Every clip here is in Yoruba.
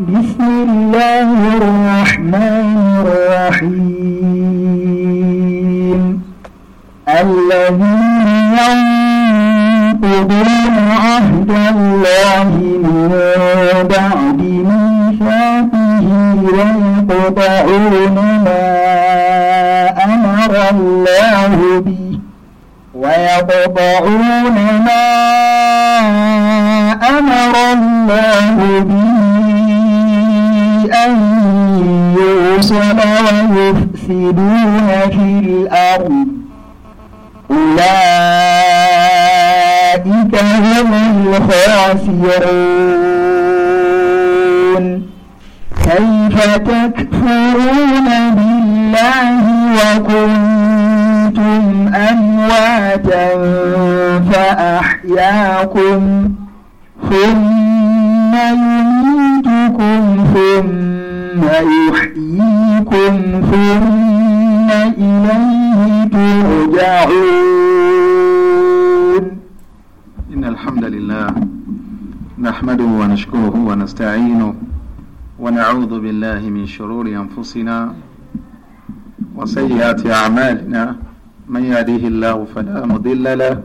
بسم الله الرحمن الرحيم الذين ينقضون عهد الله من بعد ميثاقه ويقطعون ما أمر الله به ويقطعون ما أمر الله به ويفسدون في الأرض أولئك هم الخاسرون كيف تكفرون بالله وكنتم أمواتا فأحياكم ثم يميتكم ثم ثم يحييكم ثم إليه ترجعون إن الحمد لله نحمده ونشكره ونستعينه ونعوذ بالله من شرور أنفسنا وسيئات أعمالنا من يهديه الله فلا مضل له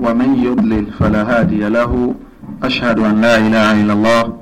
ومن يضلل فلا هادي له أشهد أن لا إله إلا الله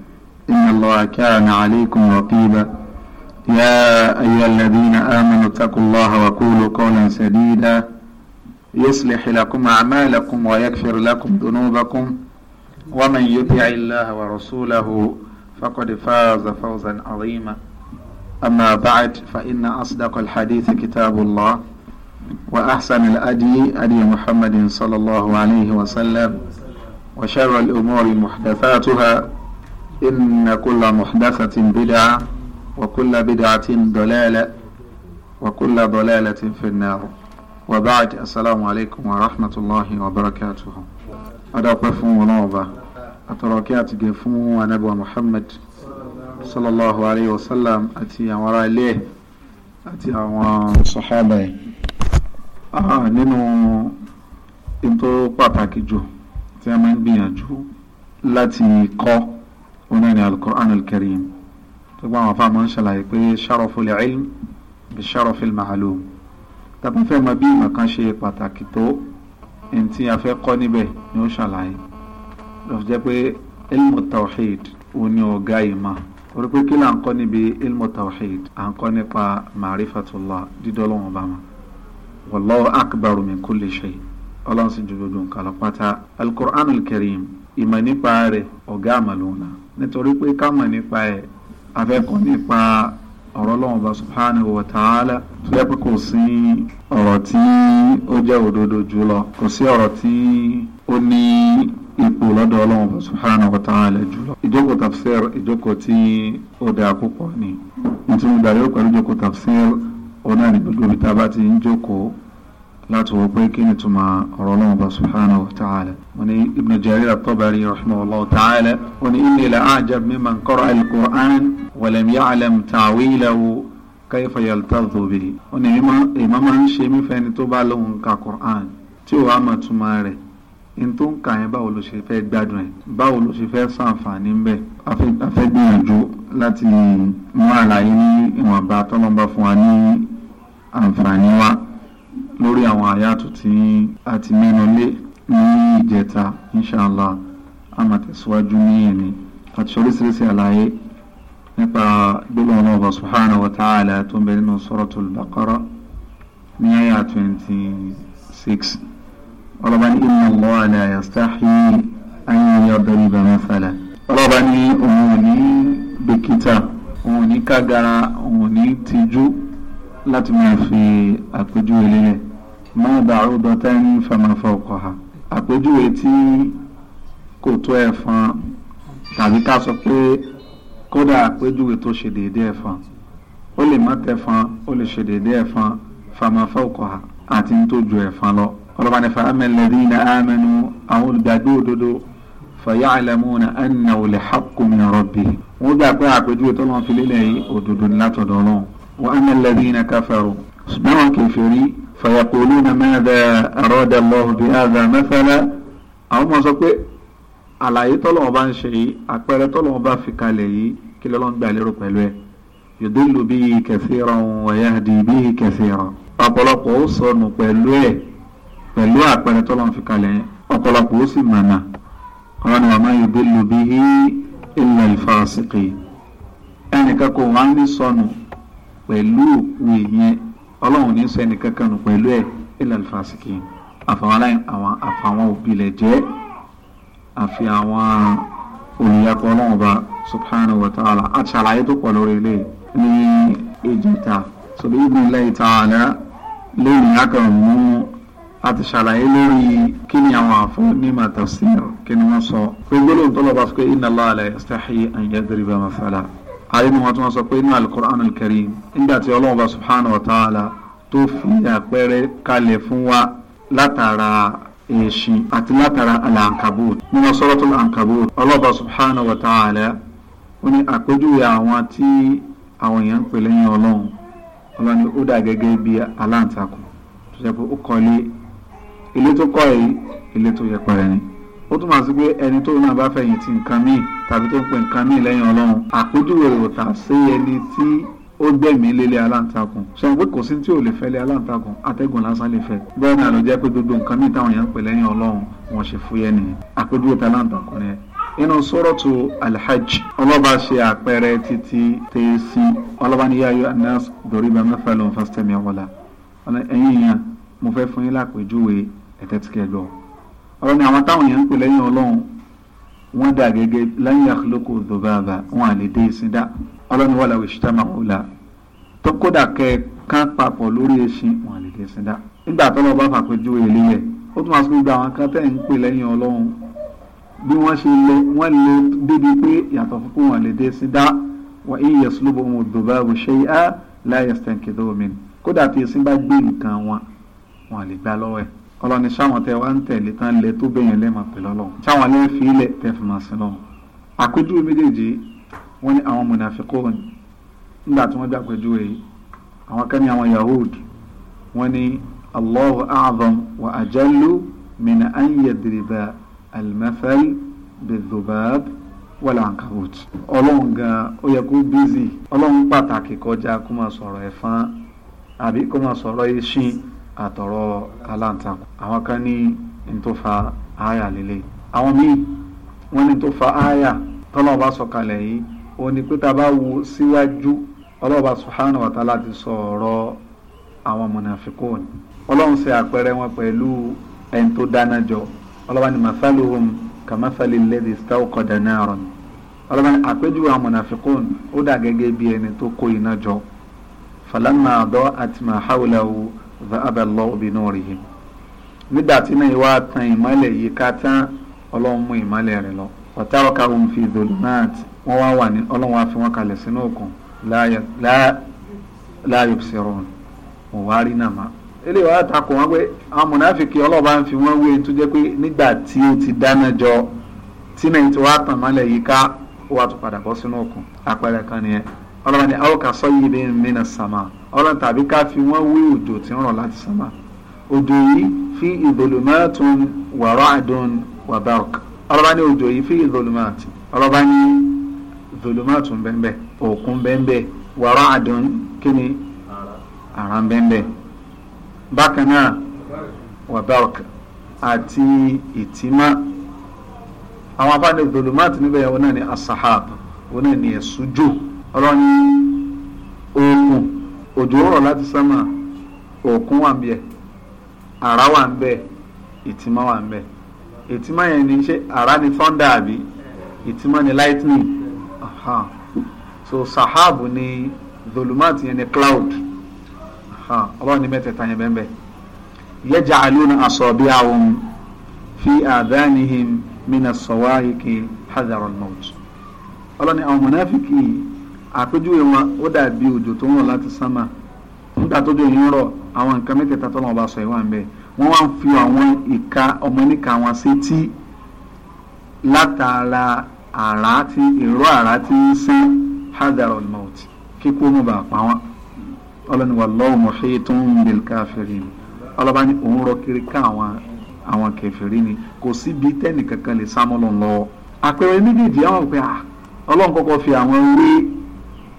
إن الله كان عليكم رقيبا يا أيها الذين آمنوا اتقوا الله وقولوا قولا سديدا يصلح لكم أعمالكم ويكفر لكم ذنوبكم ومن يطع الله ورسوله فقد فاز فوزا عظيما أما بعد فإن أصدق الحديث كتاب الله وأحسن الأدي أدي محمد صلى الله عليه وسلم وشر الأمور محدثاتها إن كل محدثة بدعة وكل بدعة ضلالة وكل ضلالة في النار وبعد السلام عليكم ورحمة الله وبركاته أدعوكم فون ونوبة أتركات جفون ونبوة محمد صلى الله عليه وسلم أتي وراء إليه أتي وصحابه آه ننو انتو باباكي جو تيمان بيان جو láti كو òun náà ni alukur'an alkarim tó gbọ́ àwọn afáàmọ́ ń ṣàlàyé pé sharaful ilm bí sharafil ma'lum tàbí fẹ́ mọ bí ìmọ̀ kan ṣe pàtàkì tó ẹni tí a fẹ́ kọ́ níbẹ̀ ni ó ṣàlàyé lọ́fi jẹ́ pé ilmu tawhid òun ni ọ̀gá ìmọ̀ orí pé kí là ń kọ́ níbi ilmu tawhid à ń kọ́ nípa ma'rifatullah dídọ́lọ́wọ́n bá wọn wallahu akbaru min kulli shay ọlọ́run sì ju gbogbo nǹkan pátá alukur'an alkarim ìmọ̀ nípa rẹ̀ ọ̀gá àmàlùmọ́ nítorí pé ká mọ̀ nípa ẹ̀ afẹ́kọ̀ọ́ nípa ọ̀rọ̀ ọlọ́run bá subhanahu wa ta'ala tó yẹ pé kò sí ọ̀rọ̀ tí ó jẹ́ òdodo jùlọ kò sí ọ̀rọ̀ tí ó ní ipò lọ́dọ̀ ọlọ́run bá subhanahu wa ta'ala jùlọ. ìjókòó tafsir ìjókòó tí ó dáa púpọ̀ ni nítorí ìgbà yóò pẹ̀lú ìjókòó tafsir ọ̀nà ìgbàgbọ́ ibi tá bá ti ń jókòó láti wọ pé kí ni túmọ̀ ọ̀rọ̀ ọlọ́run bá subhanahu wa ta'ala wọn ni ibn jarir at-tabari rahimahullah ta'ala wọn ni inni la ajab mimman qara'a al-qur'an wa lam ya'lam ta'wilahu kayfa yaltadhu bihi wọn ni èmi máa ń ṣe mí fẹ́ni tó bá lóhun ka qur'an tí ò wá mọ̀ túmọ̀ rẹ̀ n tó ń kà yẹn báwo ló ṣe fẹ́ gbádùn ẹ̀ báwo ló ṣe fẹ́ sàǹfààní ńbẹ̀ afẹ́ gbìyànjú láti mú àlàyé ní ìwọ̀nba tọ́lọ́mbà fún wa ní àǹfààní wa lórí àwọn àyàtò tí a ti mẹ́nu lé ní ìjẹta inshàlá a máa tẹ̀síwájú ní ẹ̀ní àti oríṣiríṣi àlàyé nípa gbólóhùn ọba subhanahu wa ta'ala tó ń bẹ nínú suratul baqara ní àyà twenty six ọlọ́ba ní inna Allaha la yastahi an yadriba mathalan ọlọ́ba ní òun ò ní bìkítà òun ò ní kágara òun ò ní tijú láti máa fi àpèjúwe lélẹ̀ má ba'udatan fama fawqaha àpèjúwe tí kò tó ẹ̀fọn tàbí ká sọ pé kódà àpèjúwe tó ṣe déédéé ẹ̀fọn ó lè má tẹ̀fọn ó lè ṣe déédéé ẹ̀fọn fama fawqaha àti ń tó ju ẹ̀fọn lọ ọlọ́ba ní fa amma alladhina amanu àwọn olùgbàgbé òdodo fa ya'lamuna annahu al-haqqu min rabbihim wọ́n gbà pé àpèjúwe tó lọ́n fi lélẹ̀ yìí فيقولون ماذا أراد الله بهذا مثلا àwọn máa sọ pé àlàyé tọ́lọ́wọ́n bá ń ṣe yìí àpẹẹrẹ tọ́lọ́wọ́n bá fi kalẹ̀ yìí kí lọ́lọ́n gbà lérò pẹ̀lú ẹ̀ yudillu bihi kathiran wa yahdi bihi kathiran. ọ̀pọ̀lọpọ̀ ó sọnù pẹ̀lú ẹ̀ pẹ̀lú àpẹẹrẹ tọ́lọ́wọ́n fi kalẹ̀ yẹn ọ̀pọ̀lọpọ̀ ó sì mọ̀nà ọ̀rọ̀ wa ma yudillu bihi illa al-fasiqin ẹnìkan kò wá ní sọnù pẹ̀lú òkú ìyẹn ọlọ́run ní sẹ́ni kankan nù pẹ̀lú ẹ̀ ilẹ̀ alifasiki àfàwọn òbí lẹ̀ jẹ́ àfi àwọn olùyàpọ̀ ọlọ́run ọba subhanahu wa ta'ala àti àlàyé tó pọ̀ lórí ilé ní ìjẹta sọ̀rọ̀ ìgbìn lẹ́yìn ta'ala lórí akọ̀ọ̀mù àti ṣàlàyé lórí kí ni àwọn àfọ mímọ tafsir kí ni wọ́n sọ pé gbólóhùn tó lọ́ba sọ pé inna Allah la yastahi an yadriba mathala àrínú wọn tí wọ́n sọ pé inú alukur'an alkarim nígbà tí ọlọ́run bá subhanahu wa ta'ala tó fi àpẹẹrẹ kalẹ̀ fún wa látara èsì àti látara alankabut nínú suratul ankabut ọlọ́run bá subhanahu wa ta'ala ó ní àpèjúwe àwọn tí àwọn èèyàn ń pè lẹ́yìn ọlọ́run ọlọ́run ni ó dà gẹ́gẹ́ bí aláǹtakùn tó jẹ́ pé ó kọ́lé ilé tó kọ́ yìí ilé tó yẹpẹrẹ ni ó túmọ̀ sí pé ẹni tó náà bá fẹ̀yìntì nǹkan míì tàbí tó ń pe nǹkan míì lẹ́yìn ọlọ́run àpèjúwe rẹ̀ ò tà sí ẹni tí ó gbẹ̀mí lélẹ̀ aláǹtakùn sọ̀rọ̀ pé kò sí tí ò lè fẹ́ lé aláǹtakùn atẹ́gùn lásán lè fẹ́ bẹ́ẹ̀ náà ló jẹ́ pé gbogbo nǹkan míì táwọn èèyàn ń pè lẹ́yìn ọlọ́run wọn ṣe fúyẹ́ nìyẹn àpèjúwe tẹ aláǹtakùn nìyẹn inú sọ́rọ̀tù alhajj ọlọ́ba ṣe àpẹẹrẹ títí tẹ̀sí ọlọ́ba ní yáyọ anas dòríba mẹ́fà ló fásitẹ́mi ọ̀wọ́lá ẹ̀yìn yẹn mo fẹ́ fún yín lápèjúwe ẹ̀tẹ́tìkẹ́ gbọ́ ọ̀rọ̀ ni àwọn táwọn èèyàn ń pè lẹ́yìn ọlọ́run wọ́n dà gẹ́gẹ́ lẹ́yìn àkọlọ́kọ̀ dọ̀bàbà wọn à lè dé ìsìn dá ọlọ́run wà láwùjọ ṣìṣẹ́ máa kó la tó kódà kẹ ká papọ̀ lórí ẹṣin wọn à lè dé ìsìn dá nígbà tó lọ bá fàpẹjú èlé yẹ ó tún máa sọ gbogbo àwọn kan ń pè lẹ́yìn ọlọ́run bí wọ́n ṣe lọ wọ́n lè débi pé yàtọ̀ fún pé wọn lè dé ìsìn wọ́n ìyẹ̀ sùlùbọ̀ wọn dọ̀bàbà ọlọ́ni sáwọn tẹ wá ń tẹ̀lé tán lẹ tó bẹ̀yẹn lẹ́mọ̀ pẹ̀lú ọlọ́run sáwọn alẹ́ fi ilẹ̀ tẹ fún màsí lọ́run àpèjúwe méjèèjì wọ́n ní àwọn mùnàfíkùn nígbà tí wọ́n gbé àpèjúwe yìí àwọn kan ní àwọn yahood wọ́n ní allahu a'zam wa ajallu min an yadriba almathal bidhubab wala ankabut ọlọ́run gan ó yẹ kó bízì ọlọ́run pàtàkì kọjá kó máa sọ̀rọ̀ ẹ̀fọn àbí kó máa sọ̀rọ̀ eṣin àtọ̀rọ̀ aláǹtakùn àwọn kan ní ní tó fa àyà lélẹ̀ àwọn míì wọ́n ní tó fa àyà tọ́lọ́ọ̀bá sọ̀kalẹ̀ yìí ó ní pé tá a bá wo síwájú ọlọ́ọ̀bá subhanahu wa ta'ala ti sọ ọ̀rọ̀ àwọn mọ̀nàfíkòòní ọlọ́run ṣe àpẹẹrẹ wọn pẹ̀lú ẹni tó dáná jọ ọlọ́ba ni mathaluhum kamathali alladhi istawqada naran ọlọ́ba ni àpéjú àwọn mọ̀nàfíkòòní ó dà gẹ́gẹ́ bí ẹni tó kó iná jọ falamma ada'at ma hawlahu ذهب الله بنورهم nígbà tí náà wá tan ìmọ́lẹ̀ yìí ká tán ọlọ́run mú ìmọ́lẹ̀ lọ ọ̀tàwọ́ká òun fi zulumat wọ́n wá wà ní ọlọ́run wá fi wọ́n kalẹ̀ sínú òkun la yubsirun wọ́n wá rí nàmá. eléyìí wàá takò wọn pé àwọn ọlọ́ọ̀bá ń jọ tí náà ti wá tan yìí ká ó wà tó padà bọ́ sínú òkun àpẹẹrẹ kan nìyẹn ọlọ́run ni ọlọ́run tàbí ká fi wọ́n wé òjò tí ń rọ̀ láti sánmà òjò yìí fi ìdòlùmọ́tún wàrọ̀ àdùn wàbárọ̀k ọlọ́ba ní òjò yìí fi ìdòlùmọ́tì ọlọ́ba ní ìdòlùmọ́tún bẹ́ẹ̀ òkun bẹ́ẹ̀ wàrọ̀ àdùn kíni àrà bẹ́ẹ̀ bákan náà wàbárọ̀k àti ìtìmá àwọn afáàní ìdòlùmọ́tì níbẹ̀ wọn náà ní asahab wọn náà ní ẹ̀sùjò ọlọ́ni òjò rọ̀ láti sánmà òkun wà ń bẹ àrá wà ń bẹ ìtìmọ́ wà ń bẹ ìtìmọ́ yẹn ni ṣé àrá ni thunder àbí ìtìmọ́ ni lightning uh-huh. so sahab ni zulumat yẹn ni cloud ọlọ́run ní mẹ́tẹ̀ẹ̀ta yẹn bẹ́ẹ̀ bẹ́ẹ̀ yaj'aluna asabi'ahum fi adhanihim mina sawahiki hadhara al-maut ọlọ́run ni àwọn mọ̀nàfíkì yìí àpèjúwe wọn ó dàbí òjò tó ń rọ̀ láti sánmà nígbà tó dé yín rọ̀ àwọn nǹkan mẹ́tẹ̀ẹ̀ta tó lọ́wọ́ bá sọ ìwà ń bẹ̀ wọ́n wá ń fi àwọn ìka ọmọ níka wọn sétí látara àrá tí èrò àrá tí ń sẹ́ hadar al-maut kíkú mú bàa pa wọn ọlọ́ni wallahu muhitun bil kafirin ọlọ́ba ní òun rọ kiri ká àwọn àwọn kèfèrí ni kò síbi tẹ́nì kankan lè sá mọ́ lọ́n lọ́wọ́ àpẹẹrẹ méjèèjì àwọn pé ah, ọlọ́run kọ́kọ́ fi àwọn ewé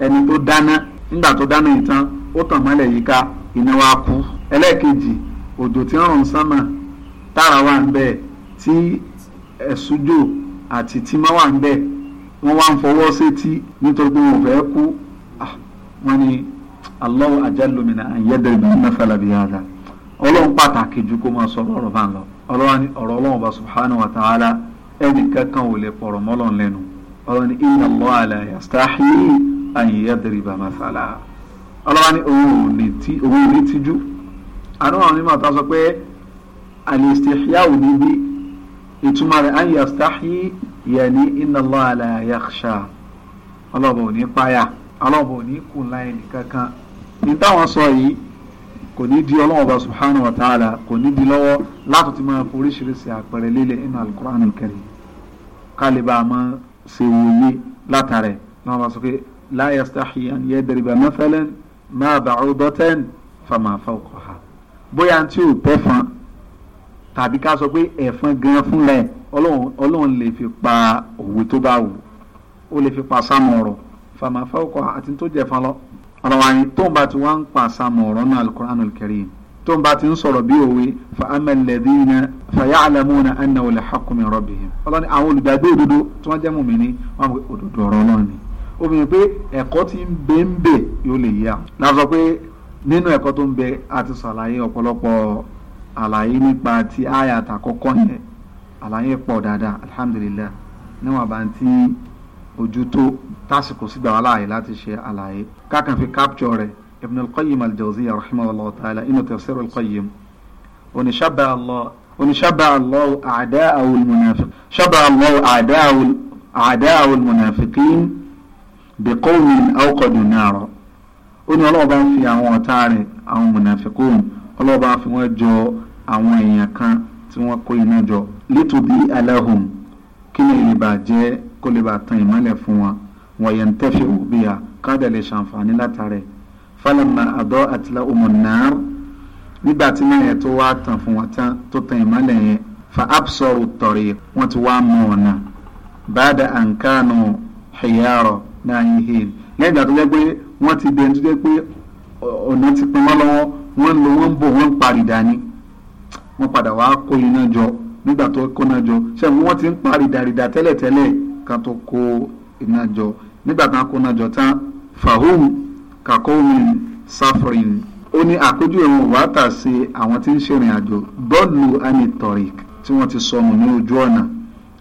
ẹni tó dáná nígbà tó dáná ìtàn ó tàn mọ́lẹ̀ yíká iná wa kú ẹlẹ́ẹ̀kejì òjò tí ti sánmà tára wà ń bẹ̀ tí ẹ̀sùjò àti tímọ́ wà ń bẹ̀ wọ́n wá ń fọwọ́ sétí nítorí pé wọn fẹ́ kú ah, wọ́n ní Allahu ajálùmínà àyẹ́dẹ̀gbẹ̀ mẹ́fàlàbí yàrá ọlọ́run pàtàkì ju kó máa sọ ọ̀rọ̀ bá ń lọ ọlọ́run subhanahu àyè ẹ̀dẹ̀rìbà masala ọlọ́wà ní òun ò lè ti òun ò lè tijú àdúrà wọn nígbà tó sọ pé àlèstèhíà ò ní bí ìtumọ̀ rẹ̀ àyè àstáhì yẹ ní inna Allaha la yakhsha ọlọ́ọ̀bà ò ní páyà ọlọ́ọ̀bà ò ní kù láyé nìkankan ní táwọn sọ yìí kò ní di ọlọ́wọ́ bá subhanahu wa ta'ala kò ní di lọ́wọ́ láti ti máa foríṣiríṣi àpẹẹrẹ líle inú alukur'an kẹrì kálíbà máa ṣe wòye látàrẹ náà bá sọ pé لا يستحي أن يضرب مثلا ما بعوضة فما فوقها bóyá tí ò tẹ́ fún tàbí ká sọ pé ẹ̀fọn gan fúnlẹ̀ ọlọ́run lè fi pa òwe tó bá wù ó lè fi pa sámọ̀ ọ̀rọ̀ fama fawqa àti tó jẹ́ fún lọ. tó ń bá ti wá ń pa sámọ̀ ọ̀rọ̀ náà al-Qur'anul tó ń bá ti ń sọ̀rọ̀ bí òwe fa amma alladhina fa ya'lamuna annahu al-haqqu ọlọ́ni àwọn olùgbàgbé òdodo tí wọ́n jẹ́ mùmínì wọ́n mú òdodo ọ̀rọ̀ ọlọ́run ni obìnrin pé ẹ̀kọ́ tí ń bẹ ń bẹ yóò lè yá náà sọ pé nínú ẹ̀kọ́ tó ń bẹ àti sàlàyé ọ̀pọ̀lọpọ̀ àlàyé nípa ti àyà àtàkọ́kọ́ yẹn àlàyé pọ̀ dáadáa alhamdulillah níwọ̀n bá ń tí ojú tó tásìkò sígbà wà láàyè láti ṣe àlàyé kákan fi capture rẹ̀ ibn al-qayyim al-jawziyyah rahimahullah ta'ala inú tafsir al-qayyim oníṣàbà allah oníṣàbà allah a'da'u al-munafiqin ṣàbà allah a'da'u a'da'u al-munafiqin bẹ̀kọ́wìn àwòkọ̀dùn ní àrọ́ ó ní ọlọ́ọ̀bá fi àwọn ọ̀tá rẹ̀ àwọn mùnàfíkùn ọlọ́ọ̀bá fi wọ́n jọ àwọn èèyàn kan tí wọ́n kó iná jọ létòdì aláhùn kí ni ìlè bàjẹ́ kó lè bá tan ìmọ́lẹ̀ fún wọn wọ̀nyẹn tẹ́fẹ̀ òbíà káàdà lè ṣàǹfààní látàrẹ̀ fálàmà àdọ́ àtìlá òmùnàá nígbà tí mẹ́rin tó wá tàn fún wọn tán tó tan ìmọ́lẹ̀ yẹn fa absoru tọ̀rì wọ́n ti wá mọ̀ ọ̀nà báàdà àǹkánu xiyárọ̀ nahihin lẹ́yìn ìgbà tó jẹ́ pé wọ́n ti dẹni tó jẹ́ pé ọ̀nà ti pin wọ́n lọ́wọ́ wọ́n ń lo wọ́n ń bò wọ́n ń parí dání wọ́n padà wá kó iná jọ nígbà tó kó iná jọ ṣé wọ́n ti ń parí dàrídà tẹ́lẹ̀tẹ́lẹ̀ kan tó kó iná jọ nígbà tán kó iná jọ tán fahum kakomi safarin ó ní àpéjúwe wọn wàá tà sí àwọn tí ń ṣèrìn àjò bọ́ọ̀lù anitorik tí wọ́n ti sọnù ní ojú ọ̀nà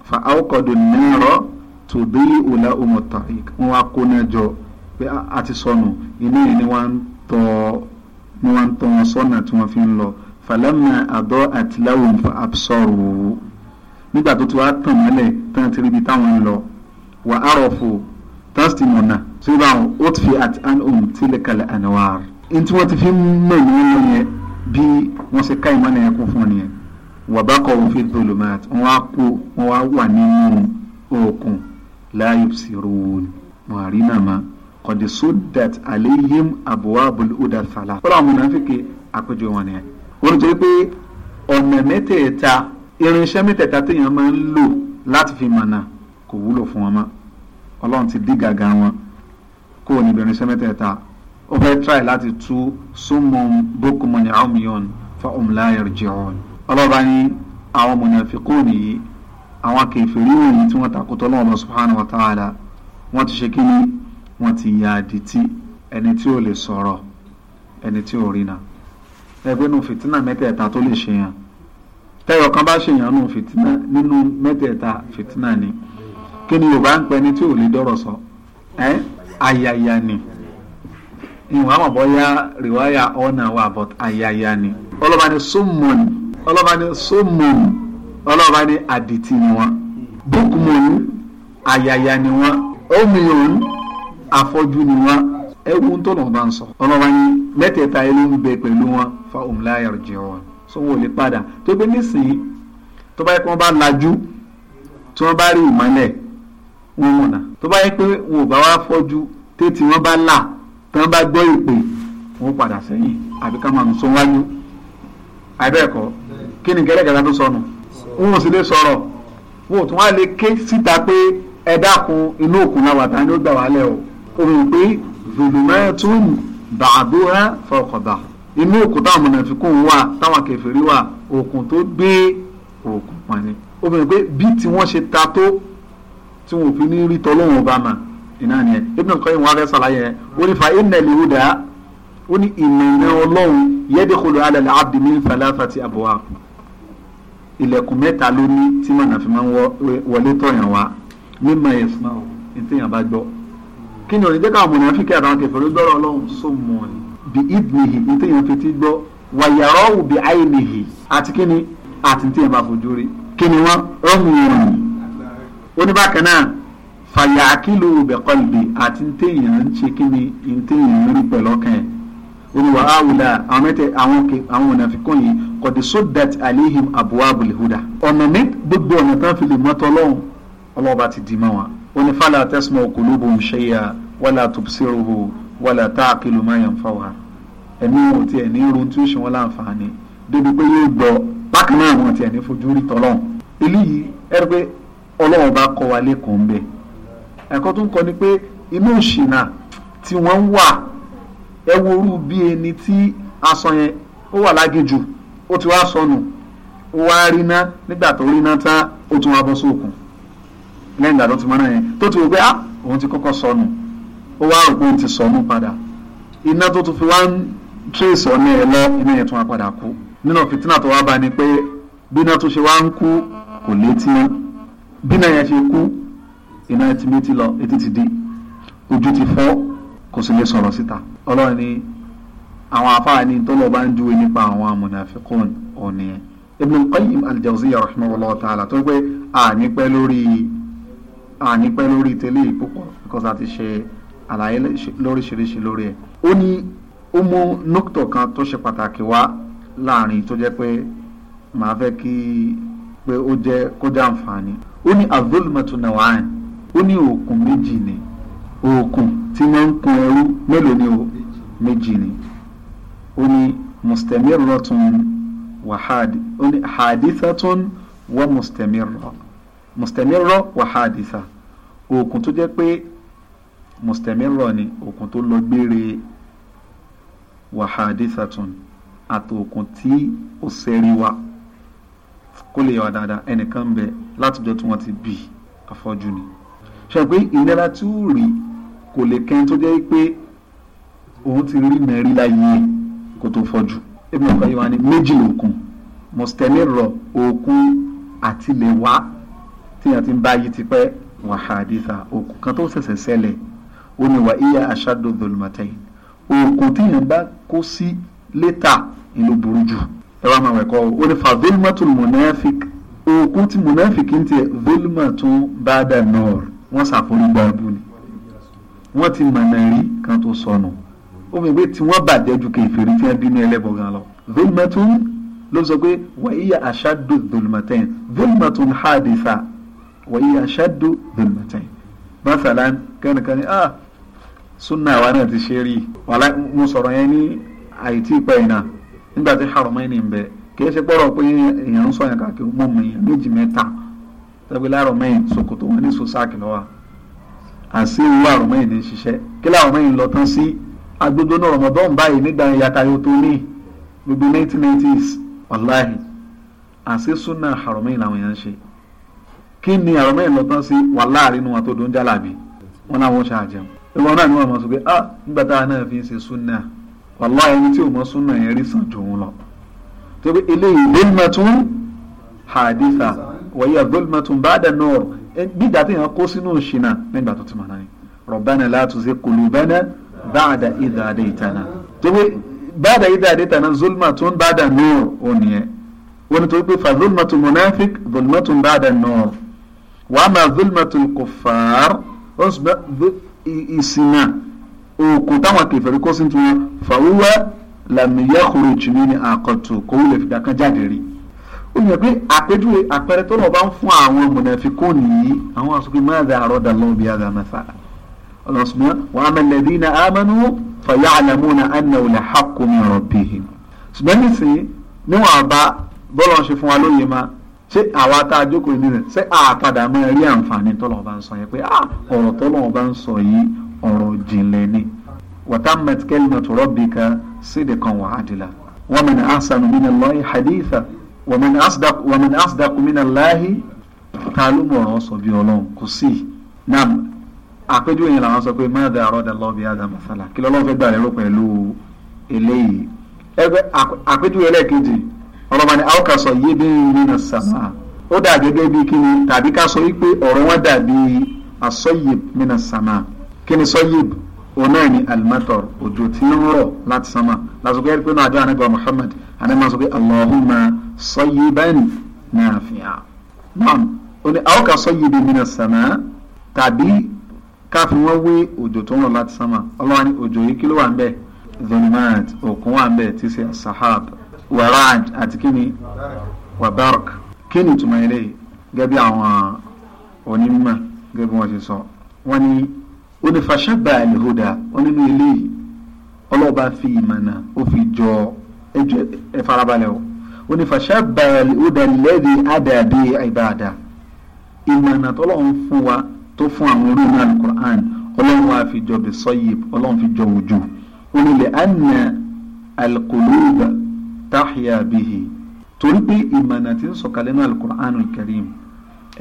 fa awqadu nira tòbí òlà òmùtàrí wọn wá kó náà jọ pé a ti sọnù ilé yìí ni wọn ń tọ wọn sọnà tí wọn fi ń lọ falẹ́mà àdọ́ àtìláwòm fa absorù nígbà tó ti wá tàn mọ́lẹ̀ tán ti ríbi táwọn ń lọ wà á rọ̀fò tásítì mọ̀nà tí wọ́n ó ti fi àti anhom tilẹ̀ kalẹ̀ àníwáàrù. ní tí wọ́n ti fi ń mọ̀ ní wọn yẹn bí wọ́n ṣe ká ìmọ̀ yẹn kún fún nìyẹn wà bá kọ̀ òfin dolomat wọ́n á kú wọ́n á wà nínú òkun la yubsirun wọn àrínà mọ́ kọ̀dí sódàt àléyìm àbúwábùl ọ̀dà sàlá. fọlá mùnàfíkì àpèjọ wọn ni ẹ. wọ́n jẹ́ pé ọ̀nà mẹ́tẹ̀ẹ̀ta irinṣẹ́ mẹ́tẹ̀ẹ̀ta téèyàn máa ń lò láti fi mọ̀nà kò wúlò fún wọn mọ́ ọlọ́run ti dí gàgà wọn kó o níbi irinṣẹ́ mẹ́tẹ̀ẹ̀ta ó fẹ́ tíráì láti tú súnmọ́ bókùmọ̀ àwọn mìíràn fún ọmọláyà rẹ̀ jẹ́ àwọn kèfèrí wọ̀nyí tí wọ́n takò tọ́lọ́wọ́n bá subhanahu wa ta'ala wọ́n ti ṣe kí ni wọ́n ti ya àdìtì ẹni tí ò lè sọ̀rọ̀ ẹni tí ò rí na ẹgbẹ́ nu fìtínà mẹ́tẹ̀ẹ̀ta tó lè ṣe yàn tẹ́yọ̀ kan bá ṣe yàn nù fìtínà nínú mẹ́tẹ̀ẹ̀ta fìtínà ni kí ni yorùbá ń pẹ́ ẹni tí ò lè dọ́rọ̀ sọ ẹ́ ayaya ni ìwọ̀n àmọ̀ bọ́yá rìwáyà ọ̀nà wà but ayaya ni ọlọ́ba ni sọ́mọ̀nì ọlọ́ba ni sọ́mọ̀nì ọlọ́ọ̀bá ní àdìtì ni wọ́n bùkùmọ̀yún àyàyà ni wọ́n omiyọ̀n afọ́jú ni wọ́n ẹ̀wù tó lọ́ọ́ bá ń sọ ọlọ́ọ̀bá ní mẹ́tẹ̀ẹ̀ta ilé ń bẹ pẹ̀lú wọn fa òmùláyà jẹ wọn so wọn ò lè padà tó gbé nísìnyí tó bá yẹ kí wọ́n bá lajú tí wọ́n bá rí ìmọ́lẹ̀ wọn mọ̀nà tó bá yẹ pé wọn ò bá wá fọ́jú tètè wọn bá là tán bá gbọ́ ìpè wọn padà sẹ́yìn àbí ká máa sọ wájú àbẹ́ẹ̀kọ́ kí ni gẹ́gẹ́ gẹ́gẹ́ tó sọnù wọn ò sì lè sọ̀rọ̀ wọn ò tún wá lè ké síta pé ẹ dákun inú òkun làwọn àtàn ni ó gbà wálẹ̀ o ó rò pé zulumatun ba'duha fawqa inú òkun táwọn mọ̀nàfikún wà táwọn kèfèrí wà òkun tó gbé òkun pọ̀ ni ó rò pé bí tí wọ́n ṣe ta tó tí wọn ò fi ní rí tọ́lọ́wọ́n ọba mà iná ni ẹ Ibn Qayyim wọn fẹ́ sàlàyé ẹ ó ní fa innal huda ó ní ìmọ̀ ìran ọlọ́run yẹ́dẹ̀kọlù alẹ́ abdi min thalathati abwab ilẹ̀kùn mẹ́ta ló ní tí mọ̀nà fi máa ń wọlé tọ̀yàn wa mímọ ẹ̀sìn náà ní téèyàn bá gbọ́ kí ni òrìjẹ́ káwọn mọ̀nà fi kí àtàwọn kẹfẹ́ ló gbọ́rọ̀ ọlọ́run sọ mọ̀ ni bí ibnihi ní téèyàn fi ti gbọ́ wàyàrá òwò bí àìníhì àti kí ni àti ní téèyàn bá fojú rí kí ni wọ́n rọ́mù ìrìn oníbàkan náà fàyàkìlù bẹ̀kọ́lì àti ní téèyàn ń ṣe kí kọ̀dí dat alihim àbúwá abùlẹ̀húdà ọ̀nà mi gbogbo ọ̀nà tán fi lè mọ́tọ́ lọ́hùn ọlọ́ọ̀bá ti dì mọ́ wọn. ó ní fàlà tẹ́sán òkòlóbó ń ṣe ya wàlà tòbísíròhò wàlà táàkìlù máa yàn fáwà ẹ̀mí wọn tiẹ̀ ní irun tí ó ṣe wọn láǹfààní débi pé yóò gbọ́ bákan náà wọn tiẹ̀ ní fojú rí tọ́lọ́hùn. eléyìí ẹ̀rí pé ọlọ́ọ̀bá kọ wa lẹ́kọ̀ọ́ ń ó wà lágéjù ó ti wá sọnù wá rí ná nígbà tó rí ná tán ó tún wá bọ́ sókun ìgbà tó ti mọ́nà yẹn tó ti wò pé á ah, òun ti kọ́kọ́ sọnù ó wá rò pé òun ti sọnù padà iná tó tún fi wá ń tírèsì ọ̀nà ẹ̀ lọ padà kú nínú lọ etí di ojú ti fọ́ kò sì lè sọ̀rọ̀ ni àwọn afáà ní tọ́lọ̀ bá ń juwe nípa àwọn amúnàfikún òní ẹ̀ Ibn Qayyim al-Jawziyya rahimahullah ta'ala tó pé àní pẹ́ lórí àní pẹ́ lórí tẹ́lẹ̀ púpọ̀ because a ti ṣe àlàyé lóríṣiríṣi lórí ẹ̀ ó ní ó mú nọ́kítọ̀ kan tó ṣe pàtàkì wá láàrin tó jẹ́ pé màá fẹ́ kí pé ó jẹ́ kó jẹ́ àǹfààní ó ní az-zulmatu ó ní òkun méjì ni òkun tí wọ́n ń kun ẹrú mélòó ni ó méjì ni ó ní mustamirratun wa hadithatun wa mustamirra mustamirra wa haditha òògùn tó jẹ́ pé mustamirra ni òògùn tó lọ gbére wa hadithatun àtòògùn tí ó sẹ́rí wa kó lè yọ dáadáa ẹnìkan bẹ látijọ́ tí wọ́n ti bì afọ́jú ni ṣe pé ìnira tí ó rí kò lè kẹ́ni tó jẹ́ pé òun ti rí mẹ́rí láyé kó tó fọ́jú ebi ọkọ yìí wá ní méjì òkun mùsùlùmí rọ òkun àtìlẹwà tíyan ti ń bá yìí tipẹ́ wọn àdìsá òkun kan tó ṣẹ̀ṣẹ̀ ṣẹlẹ̀ ó ní wà íyá aṣáájú dolomatayin òkun tíyan bá kó sí létà ìlú burú jù ẹ wá máa wẹ̀kọ́ ó ní fa dolmatul monafik òkun ti monafik ń tiẹ̀ dolmatun bada nọ́ọ̀rù wọ́n ṣàforí gbàgbó ni wọ́n ti mọ̀nà rí kan tó sọnù omi ìwé tí wọ́n bàjẹ́ ju kèfèrí tí wọ́n bí ní ẹlẹ́bùn gan lọ. zulmatun ló sọ pé wàyíyà ashaddu zulmatain zulmatun hadisa wàyíyà ashaddu zulmatain. masalan kẹ́nìkan ni ah sunna wa náà ti ṣe rí wàhálà mo sọ̀rọ̀ yẹn ní àìtí ìpẹ́ yìí náà nígbà tí Haramain ń bẹ kì í ṣe pọ́rọ̀ pé èèyàn ń sọ yẹn káàkiri mọ́ mọ́ èèyàn méjì mẹ́ta tẹ́gbẹ́ láàrọ̀ mẹ́yìn wọn ní sòsáàkì lọ́wọ́ àṣírí láàrọ̀ mẹ́yìn ní ṣiṣẹ́ kí láàrọ̀ lọ tán sí agbógbóná Ramadan báyìí nígbà yàtayọ tó ní gbogbo 1990s wàláhì àṣẹ súnà àròmẹ́yìn làwọn èèyàn ń ṣe kí ni àròmẹ́yìn lọ́tàn sí wàláhì nínú wọn tó dún jálàbí wọn làwọn ṣe àjẹun ìwọ náà ni wọn mọ sọ pé ah nígbà táwa náà fi ń ṣe súnà wàláhì ẹni tí ò mọ súnà yẹn rí sàn jòun lọ torí eléyìí lẹ́nu tún wọ̀nyí àgbọ̀lùmọ̀tún bá dẹ̀ bí ìdá tí yẹn kó sínú ìṣìnà nígbà tó ti mọ̀ náà ni rabbana la tuzigh qulubana báàdà ìdá adé ìtànà tóbi báàdà ìdá adé zulmatun báàdà nur ònìyẹn wọn tó pé fa zulmatun munafik zulmatun báàdà nur wàá ma zulmatun kuffar ìsìnà isina, táwọn kẹfẹ́rí kó sí tiwọn fàwúwẹ́ làmìyẹ́ kúròjì mi ni àkọ́tù kó wúlò fìdá kan jáde rí ó yẹ pé àpèjúwe àpẹẹrẹ tó náà bá ń fún àwọn mọ̀nàfikún nìyí àwọn àsopin máa dà àrọ́dà lọ́wọ́ bí i Allah subhanahu wa amma alladhina amanu fa ya'lamuna annahu lahaqqun min rabbihim. ṣùgbọ́n nísìnyí níwọ̀n àbá bọ́lá ń ṣe fún wa lóye máa ṣé àwa tá a jókòó nínú ṣé àpadà máa rí àǹfààní tọ́lọ̀ bá ń sọ yẹn pé ah, ọ̀rọ̀ tọ́lọ̀ bá ń sọ yìí ọ̀rọ̀ jìnlẹ̀ ni. watammat kalimatu rabbika sidqan wa adla wa man ahsanu minallahi haditha wa man asdaqu wa man asdaqu minallahi ta ló mọ̀ ọ̀rọ̀ sọ bí naam àpéjú yẹn làwọn sọ pé mada arada Allah bi hadha masala kí lọ́lọ́ fẹ́ gbà lérò pẹ̀lú eléyìí ẹgbẹ́ àpéjú yẹn lẹ́ẹ̀kejì ọlọ́ba ni àwọn kan sọ yé bí nínú sàmà ó dà gẹ́gẹ́ bí kí ni tàbí ká sọ wípé ọ̀rọ̀ wọn dàbí asọ́yìb nínú sàmà kí ni sọ́yìb òun náà ni alimator òjò tí ń rọ̀ láti sánmà lásìkò tàbí ká fi wọ́n wé òjò tó ń rọ̀ láti sánmà ọlọ́wà ní òjò yìí kí ló wà ń bẹ̀ zonimat òkun wà ń bẹ̀ tí ṣe sahab waraj àti kíni wabarak kíni ìtumọ̀ eléyìí gẹ́gẹ́ bí àwọn onímọ̀ gẹ́gẹ́ bí wọ́n ṣe sọ wọ́n ní onífàṣàbà àlèhódà wọ́n nínú eléyìí ọlọ́ọ̀bá fi ìmọ̀nà ó fi jọ ẹjọ́ ẹ o onífàṣàbà àlèhódà lẹ́ẹ̀dì àdàbí ìbàdà ìmọ̀nà tọ́lọ́ ń fún wa tó fún àwọn orí náà alukur'an ọlọ́run wa fi jọ bí sọ́yìb ọlọ́run fi jọ òjò onílẹ̀ anna alukuluba tahya bihi torí pé ìmọ̀nà tí ń sọ̀kalẹ̀ náà alukur'an karim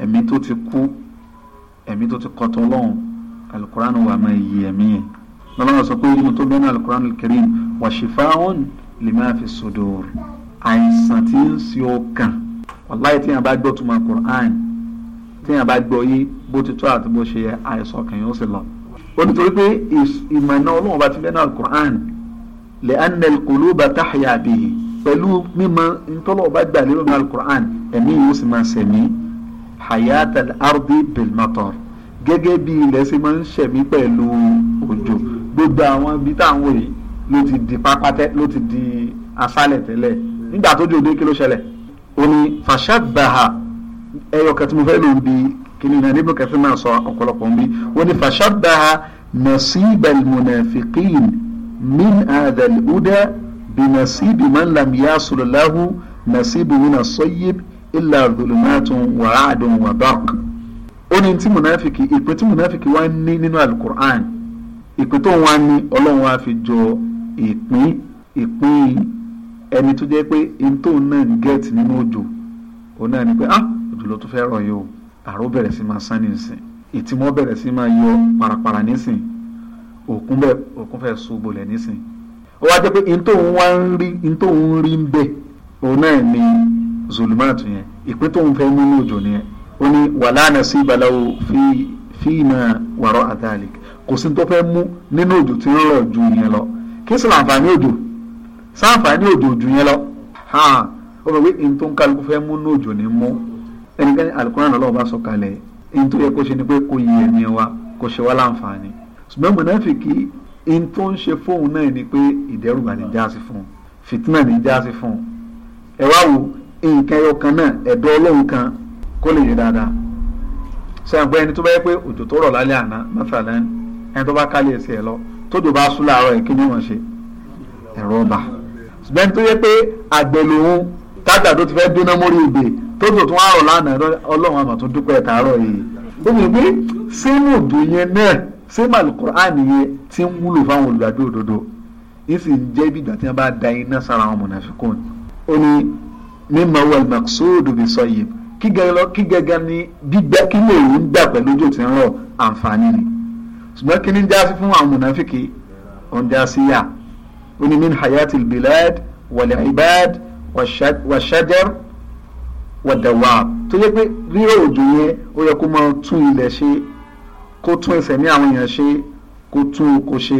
ẹ̀mí tó ti kú ẹ̀mí tó ti kọ́tọ̀ ọlọ́run alukur'an wa máa yí ẹ̀mí yẹn lọ́lọ́run sọ pé inú tó bẹ́ẹ̀ náà alukur'an karim wà shifaun lima fi sudur àìsàn tí ń ṣe ọkàn wàláyé tí yẹn bá gbọ́ tó máa kur'an téèyàn bá gbọ́ yé bó ti tó àti bó ṣe yẹ àìsàn kìnyín ó sì lọ. ó ní torí pé ìmọ̀ iná ọlọ́run bá ti lẹ́nu alukur'an lè anel kuluba tahya bihi pẹ̀lú mímọ̀ ntọ́lọ́ ọba gbà lérò ní alukur'an ẹ̀mí yóò sì máa sẹ̀mí hayat al-ardi bilmatar gẹ́gẹ́ bí ilẹ̀ ṣe máa ń sẹ̀mí pẹ̀lú òjò gbogbo àwọn ibi táwọn yìí ló ti di pápátẹ́ ló ti di asálẹ̀ tẹ́lẹ̀ nígbà tó di òde kí ló ṣẹlẹ̀ ó ní ẹyọ kan tí mo fẹ́ lò ń bi kìnìún náà níbi kẹfí máa sọ ọ̀pọ̀lọpọ̀ ń bi wọ́n ní fashabbaha nasibal munafiqin min adal uda bi nasibi man lam yasul lahu nasibu min as-sayyib illa wa ra'dun wa barq. ó ní tí munafiki ìpè tí munafiki wá ní nínú alukur'an ìpè tó wá ní ọlọ́run wá fi ìpín ìpín ẹni tó jẹ́ pé ntòun náà ń gẹ̀ẹ́tì nínú òjò òun náà ni pé ah jùlọ tó fẹ́ rọ̀ yìí o àrò bẹ̀rẹ̀ sí máa sán nísìn ìtìmọ́ bẹ̀rẹ̀ sí máa yọ parapara nísìn òkun bẹ̀ òkun fẹ́ so bolẹ̀ nísìn ó wá jẹ́ pé ntòun wá ń rí ntòun rí ń bẹ̀ òun náà ni zulumaatu yẹn ìpín tóun fẹ́ mú ní òjò nìyẹn ó ní wàlá nasiba lahu fi fíìmà wàrọ̀ àdáàlìk kò sí tó fẹ́ mú nínú òjò tí ń rọ̀ ju yẹn lọ kí sì láǹfààní òjò sáǹfààní òjò ju yẹn lọ ó mọ̀ pé ntòun kálukú fẹ́ mú ní òjò ní mú ẹnikẹ́ni alukur'an lọ́wọ́ bá sọ̀kalẹ̀ ẹni tó yẹ kó ṣe ni pé kó yí ẹ̀mí wa kó ṣe wá láǹfààní ṣùgbọ́n mọ̀nàfìkì ẹni tó ń ṣe fóun náà ni pé ìdẹ́rùbà ní jáàsì fún fìtínà ní jáàsì fún ẹ wá wo nǹkan ẹyọ kan náà ẹ̀dọ́ ọlọ́run kan kó lè yé dáadáa ṣe àgbẹ̀ ẹni tó bá yẹ pé òjò tó rọ̀ lálẹ́ àná mẹ́tàlẹ́ ẹni tó bá kálí ẹsẹ̀ lọ tójò bá sún láàárọ̀ ẹ̀ ni wọ́n ṣe ẹ̀rọ ọba ṣùgbọ́n ẹni tó yẹ pé àgbẹ̀ lòun tágbàdo ti fẹ́ dúná mórí ìgbè tótó tó wá rọ̀ lánàá ọlọ́run àmọ̀ tó dúpẹ́ tààrọ̀ yìí ó mọ̀ pé sínú òdò yẹn náà sínú alukur'an yẹn ti ń wúlò fáwọn olùgbàgbé òdodo yìí sì ń jẹ́ bí ìgbà tí wọ́n bá da iná sára àwọn mọ̀nàfikún ó ní mímọ̀ wọl maqsudu bí sọ yìí kí gẹ́gẹ́ ni gbígbá kí lè ń gbà pẹ̀lú ojú tí ń rọ̀ àǹfààní ni ṣùgbọ́n kí ni ń jásí fún àwọn mọ̀nàfikì ọ̀n jásí yà ó ní min hayatil bilad wal ibad wa wọ̀dẹ̀wà tó yẹ pé rírọ̀ òjò yẹn ó yẹ kó máa tún ilẹ̀ ṣe kó tún ìfẹ̀mí àwọn èèyàn ṣe kó tún oko ṣe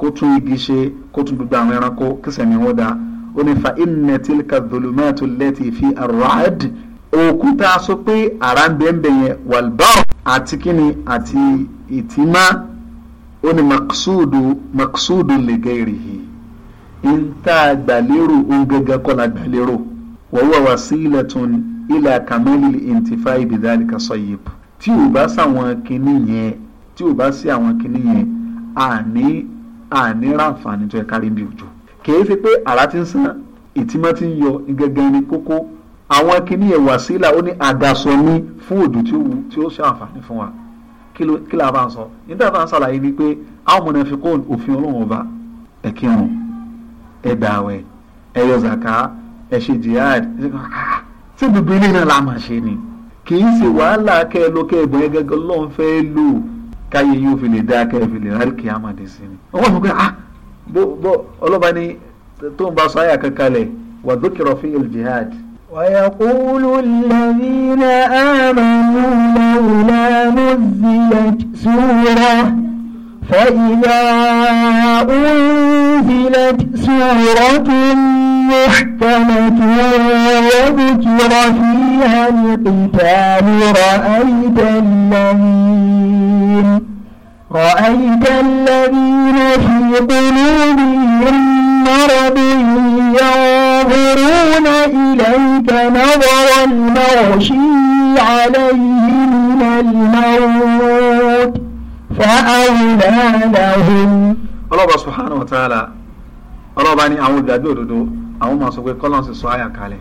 kó tún igi ṣe kó tún gbogbo àwọn ẹranko kísẹ̀mí wọn dáa ó ní fa inna tilka dhulumatu allati fi ar-ra'd òkúta sọ pé àrà ń bẹ́ẹ̀ yẹn wàlbáwò àti kíni àti ìtìmá ó ní maksudu maksudu li gairihi ń tá a gbàlérò ó ń gẹ́gẹ́ kọ́ la gbàlérò wa huwa wasilatun ilà kàmẹ́lì ìǹtìfà ìbìdálìkà sọ̀yìb tí ò bá sàwọn kinní yẹn tí ò bá sí àwọn kinní yẹn àní àní ráǹfààní tó yẹ kárí bí òjò kì í ṣe pé àrà ti ń san ìtìmọ́ ti ń yọ gẹ́gẹ́ ní kókó àwọn kinní yẹn wàsílà ó ní àdàsọ ní fún òjò tí ó wù tí ó ṣe fún wa kí la bá ń sọ nígbà tá à ń ṣàlàyé ni pé àwọn mọ̀nàfikún òfin ọlọ́run ọba ẹ̀kírun ẹ̀dàwẹ̀ ẹ̀yọ zaka ẹ̀ṣẹ̀ jihad ẹ̀ṣẹ̀ kọ́ ah ṣé gbogbo ilé náà la máa ṣe ni kì í ṣe wàhálà kẹ́ ẹ lọ kẹ́ ẹ bọ̀ ẹ gẹ́gẹ́ lọ́n fẹ́ lò káyé yóò fi lè dá kẹ́ ẹ fi lè rárí kí á máa dé sí ni. ọwọ́ mi pé ah bó bó ọlọ́ba ni tó ń bá sọ àyà kankan lẹ̀ wà dókèrò fi il jihad. ويقول الذين آمنوا لولا نزلت سورة فإذا أنزلت سورة محكمة وذكر فيها القتال رأيت الذين رأيت الذين في قلوبهم مرض ينظرون إليك نظر المغشي عليه من الموت وأولادهم ọlọ́ba subhanahu wa ta'ala ọlọ́ba ni àwọn olùdájọ́ òdodo àwọn máa sọ pé kọ́lọ́n sì sọ àyà kalẹ̀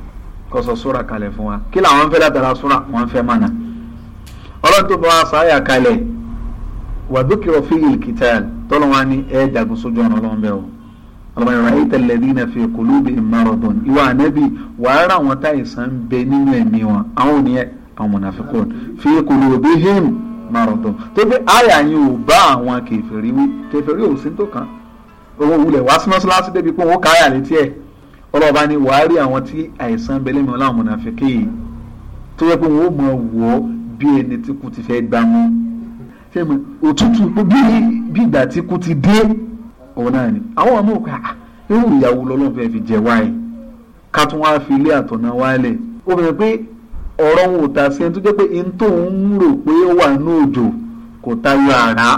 kó sọ súra kalẹ̀ fún wa kí làwọn ń fẹ́ látara súra wọ́n ń fẹ́ mánà ọlọ́run tó bá wa sọ àyà kalẹ̀ wa dhukira fihil qital tọ́lọ́ wa ní ẹ jagun sójú ọ̀nà ọlọ́run bẹ́ẹ̀ o ọlọ́ba yọrọ ayé tẹ̀lé ní ìnàfi qulubihim maradun ìwà ànẹ́bí wàá rà táyì sàn bẹ nínú ẹ̀mí wọn àwọn òníyẹ àwọn munafiqun fi qulubihim márùndùn tó pé àyà yẹn ò bá àwọn kèfèrí wí kèfèrí ò sí tó kàn owó wulẹ̀ wá sí mọ́ṣáláṣí débi pé òun káyà létí ẹ̀ ọlọ́ọ̀bá ni wàá rí àwọn tí àìsàn bẹlẹ́mìí ọlá àwọn mọ̀nàfẹ́kẹ́ yìí tó yẹ pé wọn ó mọ wọ bí ẹni tí kú ti fẹ́ gbá mú fẹ́mi òtútù bí ìgbà tí kú ti dé òun náà ni àwọn ọmọ òkè àá ah, irú ìyàwó lọ́lọ́fẹ́ fi jẹ wáyé ká tún wáá fi ilé àtọ̀nà wálẹ̀ ó pé ọ̀rọ̀ wọn ò tà sí ẹni tó jẹ́ pé n tó ń rò pé ó wà nínú òjò kò tayọ àrá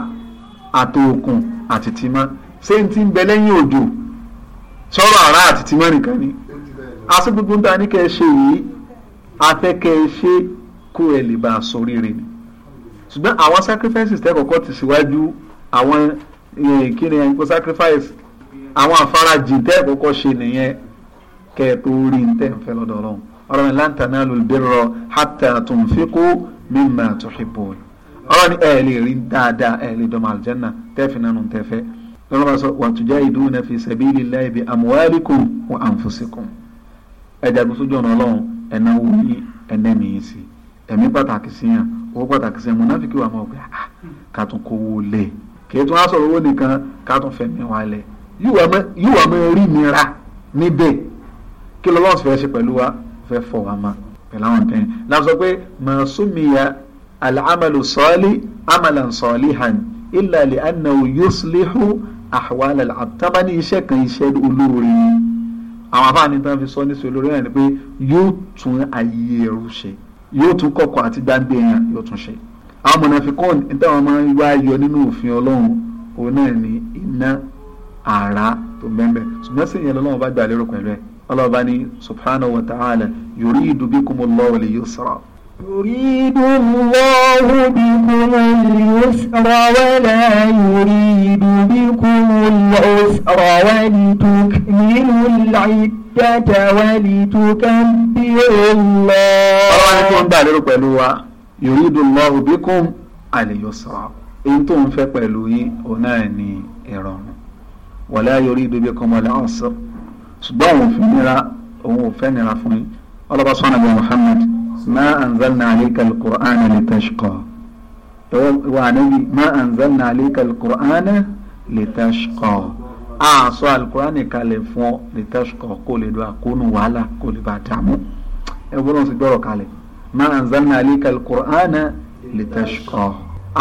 àtòkùn àti tìmá ṣé n ti ń bẹ lẹ́yìn òjò sọ̀rọ̀ àrá àti tìmá nìkan ni aṣọ gbogbo ń ta ní kẹ́ ẹ ṣe yìí afẹ́ kẹ́ ẹ ṣe kó ẹ lè bá a rere ni ṣùgbọ́n àwọn sacrifices tẹ́ kọ́kọ́ ti ṣíwájú àwọn kí ni ẹni sacrifice àwọn àfarajì tẹ́ kọ́kọ́ ṣe nìyẹn kẹ́ ẹ tó rí ní tẹ́ ń fẹ́ lọ́dọ̀ ọ̀rọ̀ ni lan tanalul birra hatta tunfiqu mimma tuhibbun ọ̀rọ̀ ni ẹ̀ lè rí dáadáa ẹ̀ lè dọ̀mọ̀ àlùjẹ́nà tẹ́fì nánú tẹ́fẹ́ lọ́nà bá sọ wa tujahiduna fi sabilillahi bi amwalikum wa anfusikum ẹ̀ jagun sójú ọ̀nà ọlọ́run ẹ̀ náà wò ní ẹ̀nẹ́mì yìí sí ẹ̀mí pàtàkì sí yàn owó pàtàkì sí yàn mùnáfíkì wà máa gbé ah kàtún kówó lẹ̀ e. kìí tún á sọ̀rọ̀ owó nìkan kàtún fẹ̀mí wa lẹ̀ e. yíwàá mọ́ rí nira níbẹ̀ kí lọ́lọ́sì fẹ́ ṣe pẹ̀lú wa fẹ́ fọ̀ wá ma pẹ̀lú àwọn nǹkan yẹn láti sọ pé màsúmìyà alàmàlù sọ́ọ́lì amalan salihan illa li annahu yuslihu ahwal al'abd tábà ní iṣẹ́ kan iṣẹ́ olóore àwọn afáàní tán fi sọ ní sọ olóore náà ni pé yóò tún ayé ẹrú ṣe yóò tún kọ̀kọ̀ àti gbangbe yẹn yóò tún ṣe àwọn mọ̀nàfikọ́n níta wọn máa ń wá yọ nínú òfin ọlọ́run òun náà ni iná àrá tó bẹ́ẹ̀ bẹ́ẹ̀ ṣùgbọ́n sí ìyẹn lọ́wọ́ bá gbà lérò pẹ̀lú ẹ̀ ọlọ́ba ní subhanahu wa ta'ala yuridu bikumullahu al-yusra. يريد الله بكم اليسر ولا يريد بكم العسر ولتكملوا العدة ولتكبروا الله. ọlọ́run ní kí wọ́n gbà lérò pẹ̀lú wa يريد الله بكم اليسر èyí tó ń fẹ́ pẹ̀lú yín òun náà ní ìrọ̀rùn ولا يريد بكم العسر ṣùgbọ́n òun fi nira òun ò fẹ́ nira fún yín ọlọ́ba sọ́nà bíi Muhammad ma anzalna alayka al-Qur'ana litashqa ìwà ànábi ma anzalna alayka al-Qur'ana litashqa àṣọ al-Qur'ani kalẹ̀ fún ọ litashqa kó lè do àkóónú wàhálà kó lè bá dààmú ẹ gbọ́dọ̀ sì gbọ́dọ̀ kalẹ̀ ma anzalna alayka al-Qur'ana litashqa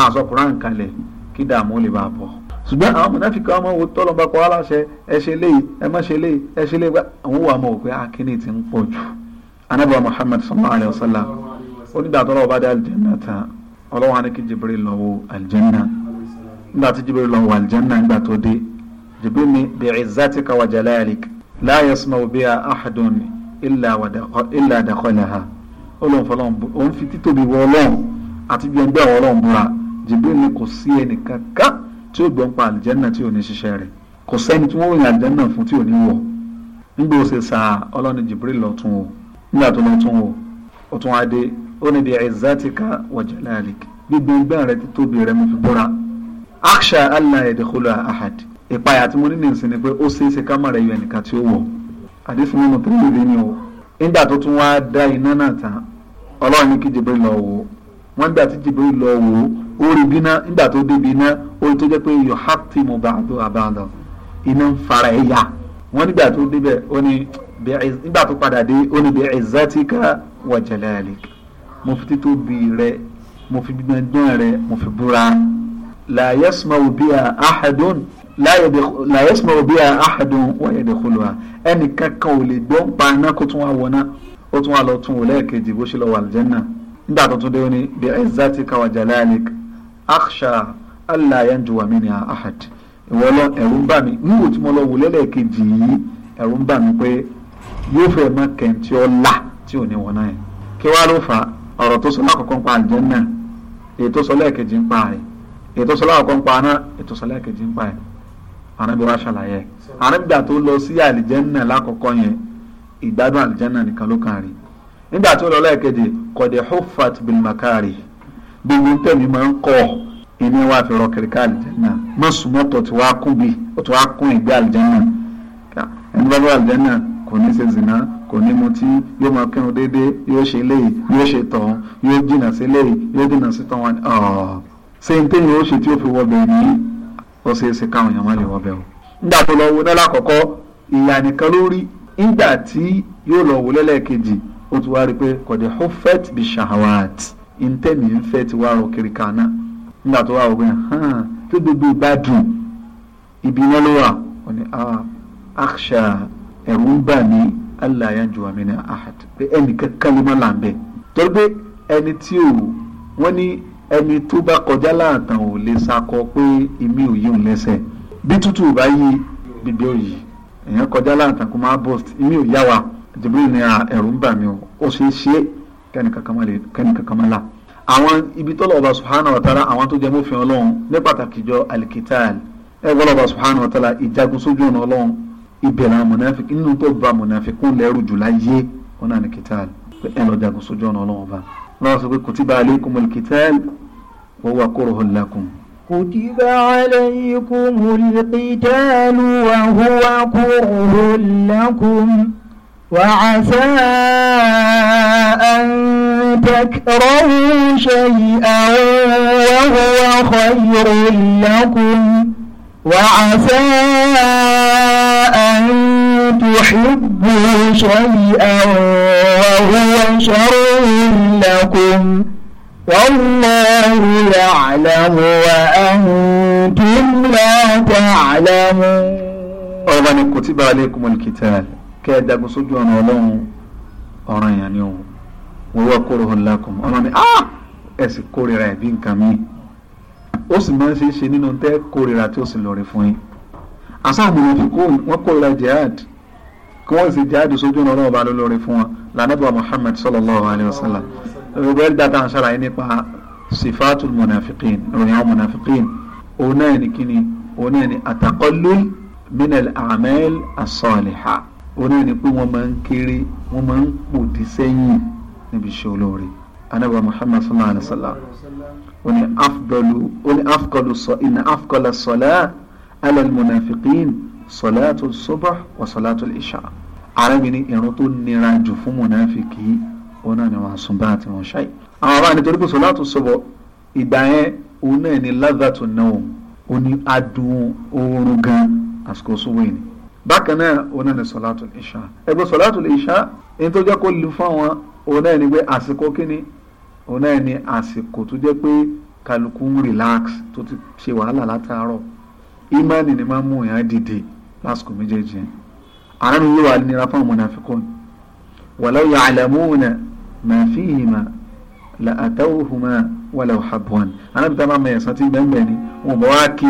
àṣọ Qur'an kalẹ̀ kí dààmú lè bá bọ̀ ṣùgbọ́n àwọn mọ̀nàfíkà ọmọ wo tọ́lọ́ bá kọ́ wá láṣẹ ẹ ṣe léyìí ẹ má ṣe léyìí ẹ ṣe léyìí àwọn wà mọ̀ pé akínní ah, ti ń pọ̀ jù anábọ̀ Muhammad sallallahu alayhi wa sallam onídàtọ́ lọ́wọ́ bá dé aljanna ta ọlọ́wọ́ àni kí Jibril lọ wo aljanna nígbà tí Jibril lọ wo aljanna nígbà tó dé Jibril ni bi izzatika wa jalalik la yasma'u biha tí ó gbọ́n pa àlìjẹ́nà tí ò ní ṣiṣẹ́ rẹ̀ kò sẹ́ni tí wọ́n wòye àlìjẹ́nà fún tí ò ní wọ̀ nígbà ó ṣe sa ọlọ́ni jibril lọ́tún o nígbà tó lọ́tún o ó tún adé ó ní bí ẹ̀zátíkà wọ̀jẹ̀láàlì gbígbé igbá rẹ̀ ti tóbi rẹ̀ mo fi búra aksha allah edekula ahad ìpayà tí mo ní nìsín ni pé ó ṣe é ṣe ká má rẹ̀ yọ ẹnìkan tí ó wọ̀ àdéfún mímu tó lè ní o nígbà tó tún wá dá iná náà tán ọlọ́run ní kí jibril lọ wọ́n nígbà tí Jibril lọ wò ó ó rí bíná nígbà tó débi iná ó rí tó jẹ́ pé yuhatimu ba'du aba'dan iná ń fara ẹ̀ yá wọ́n nígbà tó débẹ̀ ó ní nígbà tó padà dé ó ní bi'izzatika wa jalalika mo fi títóbi rẹ mo fi gbẹ̀gbẹ̀ rẹ mo fi búra la yasma'u biha ahadun la yasma'u biha ahadun wa ẹnì kankan ò lè gbọ́ pa kó tún wá wọná ó tún wá lọ tún wò lẹ́ẹ̀kejì bó ṣe lọ wà aljanna nígbà tó tún dé ní bí izzatika wa jalalik akhsha alla yanjuwa minha ahad ìwọ lọ ẹ̀rù ń bà mí níwò tí mo lọ wò lẹ́lẹ́kejì yìí ẹ̀rù ń bà mí pé yóò fẹ́ mọ kẹ̀ǹtì ọ̀la tí ò ní wọn náà yẹn kí wàá ló fà ọ̀rọ̀ tó sọ lákòókò ń pa àlùjànnà èyí tó sọ lẹ́ẹ̀kejì ń pa rẹ̀ èyí sọ lákòókò ń pa aná èyí sọ lẹ́ẹ̀kejì ń pa rẹ̀ ànábi wa ṣàlàyé ànábi gbà tó lọ sí àlùjànnà lákòókò yẹn ìgbádùn àlùjànnà nìkan ló kàn rí nígbà tí ó lọ lẹ́ẹ̀kejì kọ̀dẹ̀ hufat bin makari gbogbo tẹ̀mí máa ń kọ́ ìní wa fi rọ kẹ̀kẹ́ àlìjẹ́nà mọ̀sùmọ́tò tí wàá kú bi ó ti wàá kún ìgbé àlìjẹ́nà ẹni bá lọ àlìjẹ́nà kò ní ṣe zìnà kò ní mutí yóò máa kírun déédéé yóò ṣe léyìí yóò ṣe tọ̀hún yóò jìnà sí léyìí yóò jìnà sí tọ̀hún wọn. ṣé n téèyàn ó tí ó fi wọ bẹ̀rẹ̀ yìí ó ṣe é ṣe káwọn èèyàn má lè wọ bẹ̀rẹ̀ o. nígbà tó lọ wo lẹ́lá àkọ́kọ́ ìyá nìkan ló rí nígbà tí yóò lọ wo lẹ́lẹ́kejì otu ti wá rí i pé hufet bi shahawat ntẹ̀mí ń fẹ́ ti wá nga to wa nígbà tó wà hàn tó gbogbo ìbádùn ibi iná ló wà wọ́n ní aksha ẹ̀rù ń bà mí allah yanjú àmì na ahad pé ẹnì kankan ló má là ń bẹ̀ torí pé ẹni tí ò wọ́n ní ẹni tó bá kọjá láàtàn ò lè sakọ pé ìmí ò yí òun lẹ́sẹ̀ bí tútù ò bá má ò yá wa. Jibril ní ah, ẹ̀rù ń bà mí o ó ṣe é ṣe kẹ́nìkan kan má la àwọn ibi tọ́lọ̀ ọba subhanahu wa ta'ala àwọn tó jẹ́ mọ́fin ọlọ́run ní pàtàkì jọ alikital ẹ̀ wọ́lọ̀ ọba subhanahu wa ta'ala ìjagun sójú ọ̀nà ọlọ́run ìbẹ̀rẹ̀ amọ̀nàfik nínú tó ba amọ̀nàfikún lẹ́rù jùlá yé wọn náà ní kìtàl pé ẹ lọ jagun sójú ọ̀nà ọlọ́wọ́n bá lọ́wọ́ sọ pé kutiba alaykumul qital wa huwa kurhun lakum. kutiba alaykumul qital wa huwa kurhun وعسى أن تكرهوا شيئا وهو خير لكم وعسى أن تحبوا شيئا وهو شر لكم والله يعلم وأنتم لا تعلمون أولاً كتب عليكم الكتاب kẹ́ ẹ jagun sójú ọ̀nà ọlọ́run ọ̀ràn èèyàn ni òun wọ́n wá kóró hàn lákùn ọmọ mi ah! ẹ sì kórira ẹ̀ bí nǹkan mi ó sì máa ń ṣe é ṣe nínú tẹ́ kórira tí ó sì lọ́ọ̀rẹ́ fún yín àsáàmù wọn fi kó wọn kórira jihad kí wọ́n sì jihad sójú ọ̀nà ọlọ́run ọba ló lọ́ọ̀rẹ́ fún wọn lànàbọ̀ Muhammad sallallahu alayhi wa sallam ọgbẹ́ dàda ń ṣàlàyé nípa sifatu munafiqin ìròyìn àwọn munafiqin òun náà ni kíni òun náà ni ataqallul min al-a'mal as òun náà ni pé wọ́n máa ń kéré wọ́n máa ń pòdì sẹ́yìn níbi iṣẹ́ olóore anábà muhammad sallallahu alayhi wa sallam òun ni afdalu òun ni afqalu sọ ìnà afqala sọlá alal munafiqin sọláàtò sọbà wà sọláàtò ìṣà arábìnrin ìrun tó nira jù fún munafiki òun náà ni wọn sùn bá àti wọn ṣáì àwọn ará nítorí pé sọláàtò sọbọ ìgbà yẹn òun náà ni ládàtò náà òun adùn oorun gan àsìkò sówó yìí bákan náà òun náà ni sọláàtù ìṣá ẹgbẹ́ sọláàtù ìṣá ẹni tó jẹ́ kó lu fún àwọn òun náà ni pé àsìkò kínní òun náà ni àsìkò tó jẹ́ pé kálukú ń relax tó ti ṣe wàhálà látàárọ̀ ìmánì ni máa ń mú èèyàn dìde lásìkò méjèèjì yẹn àrùn yóò wà nira fún àwọn mùnáfíkùn walau ya'lamuna ma fihima la atawhuma wala habwan àrùn mi tá a máa mẹ̀yẹ̀sán tí gbẹ̀ngbẹ̀ ni wọn bá wá kí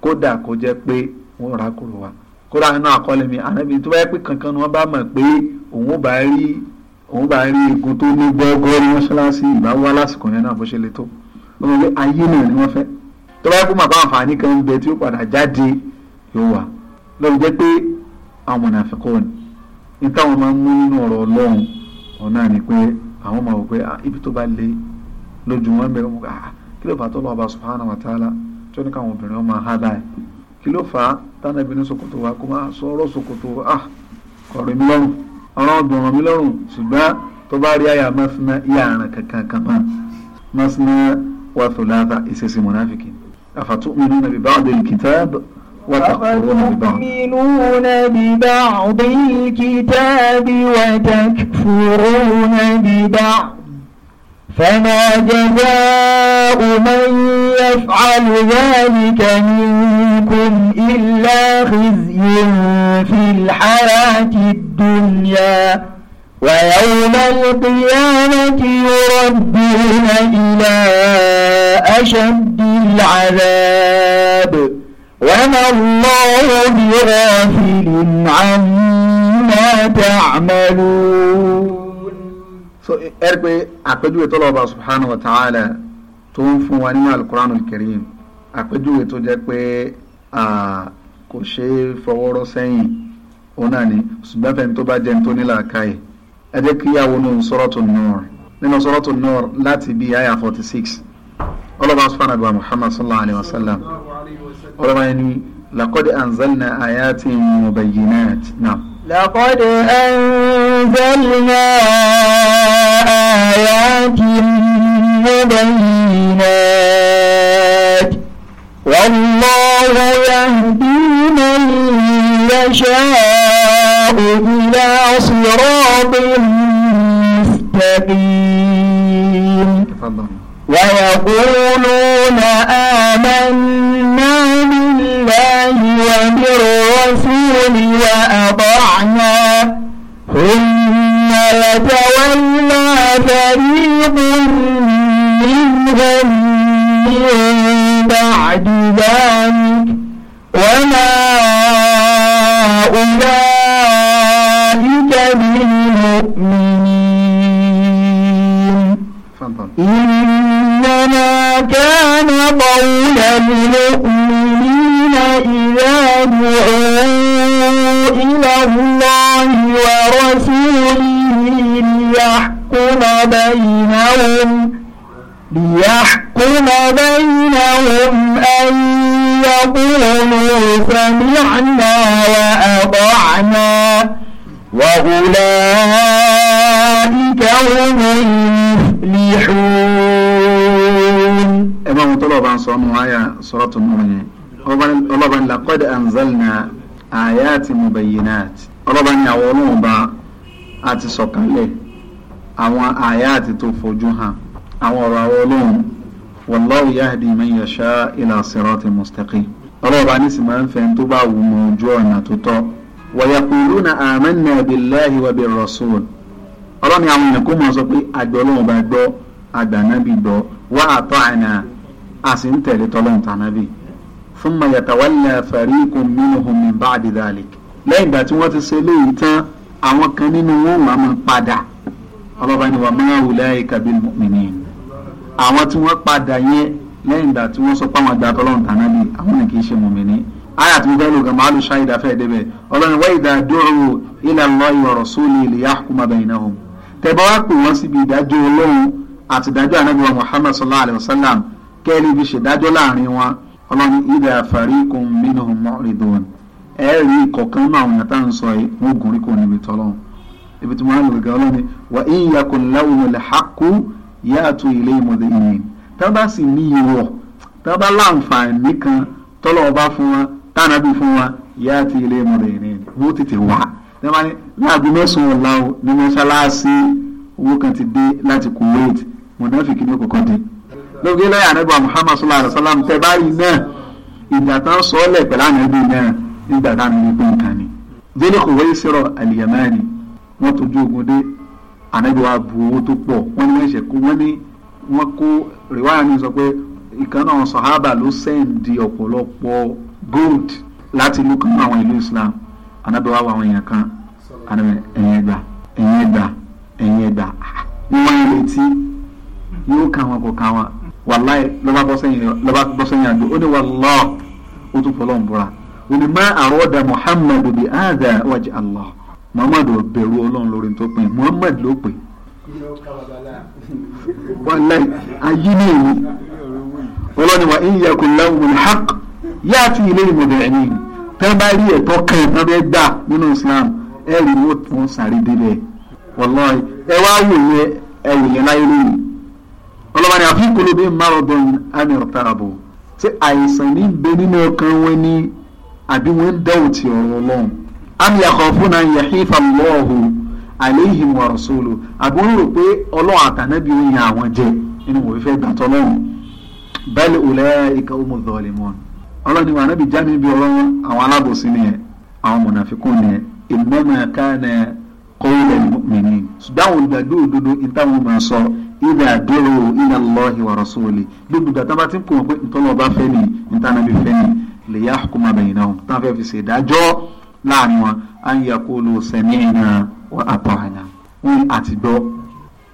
kódà kó jẹ́ pé wọ́n rà kúrò wa. kóra inú àkọọ́lẹ̀ mi ànábi tó báyẹ pé kankan ni wọ́n bá mọ̀ pé òun bá rí òun bá rí egun tó ní mọ́ṣáláṣí lásìkò yẹn náà bó ṣe le tó ayé náà ni wọ́n fẹ́ tó pé kan ń bẹ tí ó padà jáde yóò wà jẹ́ pé àwọn ni ní táwọn máa ń mú nínú ọ̀rọ̀ ọlọ́run òun náà ni pé àwọn máa wò ah, ibi tó bá le lójú wọn ah, kí ló wa ta'ala tó ní káwọn obìnrin wọn tánàbí ní ṣòkòtò wa kó máa sọ ọ̀rọ̀ ṣòkòtò ah ọ̀rọ̀ mi lọ́rùn ọ̀rọ̀ ọ̀dùnrún mi lọ́rùn ṣùgbọ́n tó bá rí àyà mọ́sánná yà àrùn kankan kan mọ́ mọ́sánná wà tó láàbà ìṣesí mọ̀náfíkì أفتؤمنون ببعض الكتاب وتؤمنون ببعض الكتاب وتكفرون ببعض فما جزاء من يفعل ذلك منكم إلا خزي في الحياة الدنيا ويوم القيامة يردون إلى أشد العذاب وما الله بغافل عما تعملون so ẹ̀rí pé àpèjúwe tó lọ́wọ́ bá subhanahu wa ta'ala tó ń fún wa nínú alukur'an al-karim àpèjúwe tó jẹ́ pé kò ṣe é fọwọ́rọ́ sẹ́yìn òun náà ni ṣùgbọ́n fẹ́ni tó bá jẹ́ ní tó ní làákàyè ẹ jẹ́ kí yàwó nù Suratu Nur nínú Suratu Nur láti bíi àyà forty six ọlọ́ba sùfànà gba Muhammad sallallahu alayhi wa sallam ọlọ́ba yẹn ni laqad anzalna ayatin mubayyinat náà. لقد أنزلنا آيات مبينات والله يهدي من يشاء إلى صراط مستقيم تفضل ويقولون آمنا بالله وبالرسول وأطعنا ثم يتولى فريق منهم من بعد ذلك وما أولئك بالمؤمنين وما كان قول المؤمنين إذا دعوا إلى الله ورسوله ليحكم بينهم ليحكم بينهم أن يقولوا سمعنا وأطعنا وأولئك هم المفلحون ẹ bá wọn tó lọ́ọ́ bá ń sọ ọ́nù àyà sọ́rọ́ tó mú yẹn ọlọ́ba ní laqad anzalna ayatin mubayyinat ọlọ́ba ní àwọn ọlọ́run bá a ti sọ̀kalẹ̀ àwọn àyàtì tó fojú hàn àwọn ọ̀rọ̀ àwọn ọlọ́run wallahu yahdi man yasha ila siratin mustaqim ọlọ́ba ní sì máa ń fẹ́ tó bá wù mọ́ ojú ọ̀nà tó tọ́ wa yaquluna amanna billahi wa birrasul ọlọ́ni àwọn ènìyàn kó mọ̀ sọ pé àgbẹ̀ ọlọ́run bá gbọ́ àgbànábì gbọ́ wá àtọ́ àná a sì ń tẹ̀lé tọ́lọ́n tànábì thumma yatawalla fariqun minhum min ba'di dhalik lẹ́yìn ìgbà tí wọ́n ti ṣe léyìí tán àwọn kan nínú wọn wà máa padà ọlọ́ba ni wa ma ulaika bil mu'minin àwọn tí wọ́n padà yẹn lẹ́yìn ìgbà tí wọ́n sọ pé àwọn àgbà tọ́lọ́n tànábì àwọn ni kì í ṣe mùmìnì aya tí mo fẹ́ lò gan màálù ṣáìdá fẹ́ débẹ̀ ọlọ́run wá ìdá dúró ila Allahi wa rasuli li yahkuma bainahum tẹ̀bọ́ wá pè wọ́n síbi ìdájọ́ ọlọ́run àtìdájọ́ ànábì wa sallallahu alayhi wa sallam kẹ́ẹ̀lì ibi ṣèdájọ́ láàrin wọn ọlọ́run ilẹ̀ àfàríkùn mínú mọ́rìndùn ẹ rí ìkọ̀kan náà àwọn yàtá ń sọ yìí wọ́n gùn rí kò níbi tọ́lọ́run ibi tí wọ́n á lò gẹ́gẹ́ ọlọ́run wà í yakùn láwùn lè hákú yáàtú ilé ìmọ̀dé ìyìn tá bá sì ní ìwọ̀ tá bá láǹfààní kan tọ́lọ̀ ọba fún wọn tánàbí fún wọn yáàtú ilé ìmọ̀dé ìyìn wọ́n tètè wá láàbí mẹ́sàn-án ọ̀la ní mọ́ṣáláṣí owó kan ti dé láti Kuwait mọ̀dáfíkì ní kọ̀kọ́ dé lórí lẹ́yà nígbà Muhammad sallallahu alayhi wa sallam tẹ báyìí náà ìgbà tán sọ ọ́ lẹ̀ pẹ̀lú ànábì náà nígbà tá a nínú pé nǹkan ni. zeli kòwé sọ̀rọ̀ al-Yamani wọ́n tójú ogun dé ànábì wa bu owó tó pọ̀ wọ́n ní ẹ̀ṣẹ̀ kó wọ́n ní wọ́n kó rìwáyà ní sọ pé ìkan náà sọ̀hábà ló sẹ́ǹdì ọ̀pọ̀lọpọ̀ gold láti ìlú kan àwọn ìlú Islam ànábì wa wà àwọn èèyàn kan ànábì ẹ̀yìn ẹgbà ẹ̀yìn ẹgbà ẹ̀yìn ẹgbà ah, wọ́n wàláì lọ́ba bọ́ sẹ́yìn àjò ó ní wàlọ́ ó tún fọlọ́n búra ó ní má àròdà muhammad bi àdà wàjì allah muhammad ò bẹ̀rù ọlọ́run lórí tó pin muhammad ló pè wàláì ayé ní èyí ọlọ́ni wa in yakun lahum alhaq yáàtì ilé ìmọ̀dẹ̀ẹ́ni tẹ́ bá rí ẹ̀tọ́ kan tán bẹ́ẹ̀ gbà nínú islam ẹ̀rí ló tún sáré débẹ̀ ẹ wá wò yẹn ẹ yẹn láyé lónìí ọlọ́ba ni àfi kolobe márọ̀dọ̀n àmì ọ̀tàràbọ̀ ṣé àìsàn ní bẹ nínú ọkàn wọn ni àbí wọn ń dá òtí ọ̀rọ̀ ọlọ́run àmì àkọ́fún náà yahifa Allahu alayhim wa rasuluhu àbí wọn rò pé ọlọ́run àtànábì ń yan àwọn jẹ nínú wọn fẹ́ gbàtọ́ lọ́run bal ulaika umu zalimun ọlọ́run ni wọn ànábì jáde níbi ọ̀rọ̀ àwọn alábòsí nìyẹn àwọn mọ̀nàfikún nìyẹn innama kana qawla al-mu'minin ṣùgbọ́n àwọn olùgbàgbé òdodo ìtàwọn máa sọ ìdá du'u ila Allahi wa rasulihi gbogbo ìgbà tábà tí kò wọ́n pé ntọ́lọ́ ọba fẹ́ ni ntànàbí fẹ́ ni li yahkuma bainahum táwọn fẹ́ fi ṣe ìdájọ́ láàrin wọn an yaqulu sami'na wa ata'na wọn àti gbọ́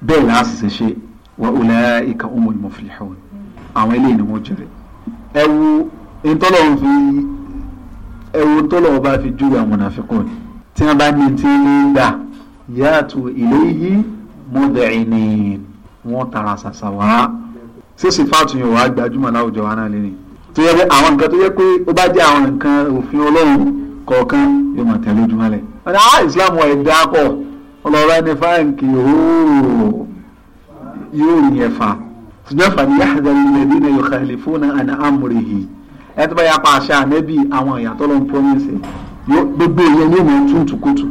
bẹ́ẹ̀ láà sì ṣe ṣe wọ́n jèrè ẹ wo ntọ́lọ́ fi ẹ àwọn munafiqun ni wọ́n bá ní tí ń wọ́n tara ṣàṣà wá ṣé sífàtù yẹn wàá gbajúmọ̀ láwùjọ wa náà lẹ́nu tó yẹ pé àwọn nǹkan tó yẹ pé ó bá jẹ́ àwọn nǹkan òfin ọlọ́run kọ̀ọ̀kan yóò máa tẹ̀lé ojúmọ́ lẹ̀ ọ̀dà á islam wà ẹ̀dá pọ̀ ọlọ́rọ̀ ẹni fáǹkì ooo yóò rí ẹ̀fà ṣùgbọ́n fàní yàtọ̀ lẹ́bí náà yóò kàlẹ́ fún àná amúrèhì ẹ tó bá yà pa àṣà ànẹ́bí àwọn ìyàtọ̀ lọ́n promise gbogbo ìyẹn ní ìmọ̀ túntùkùtù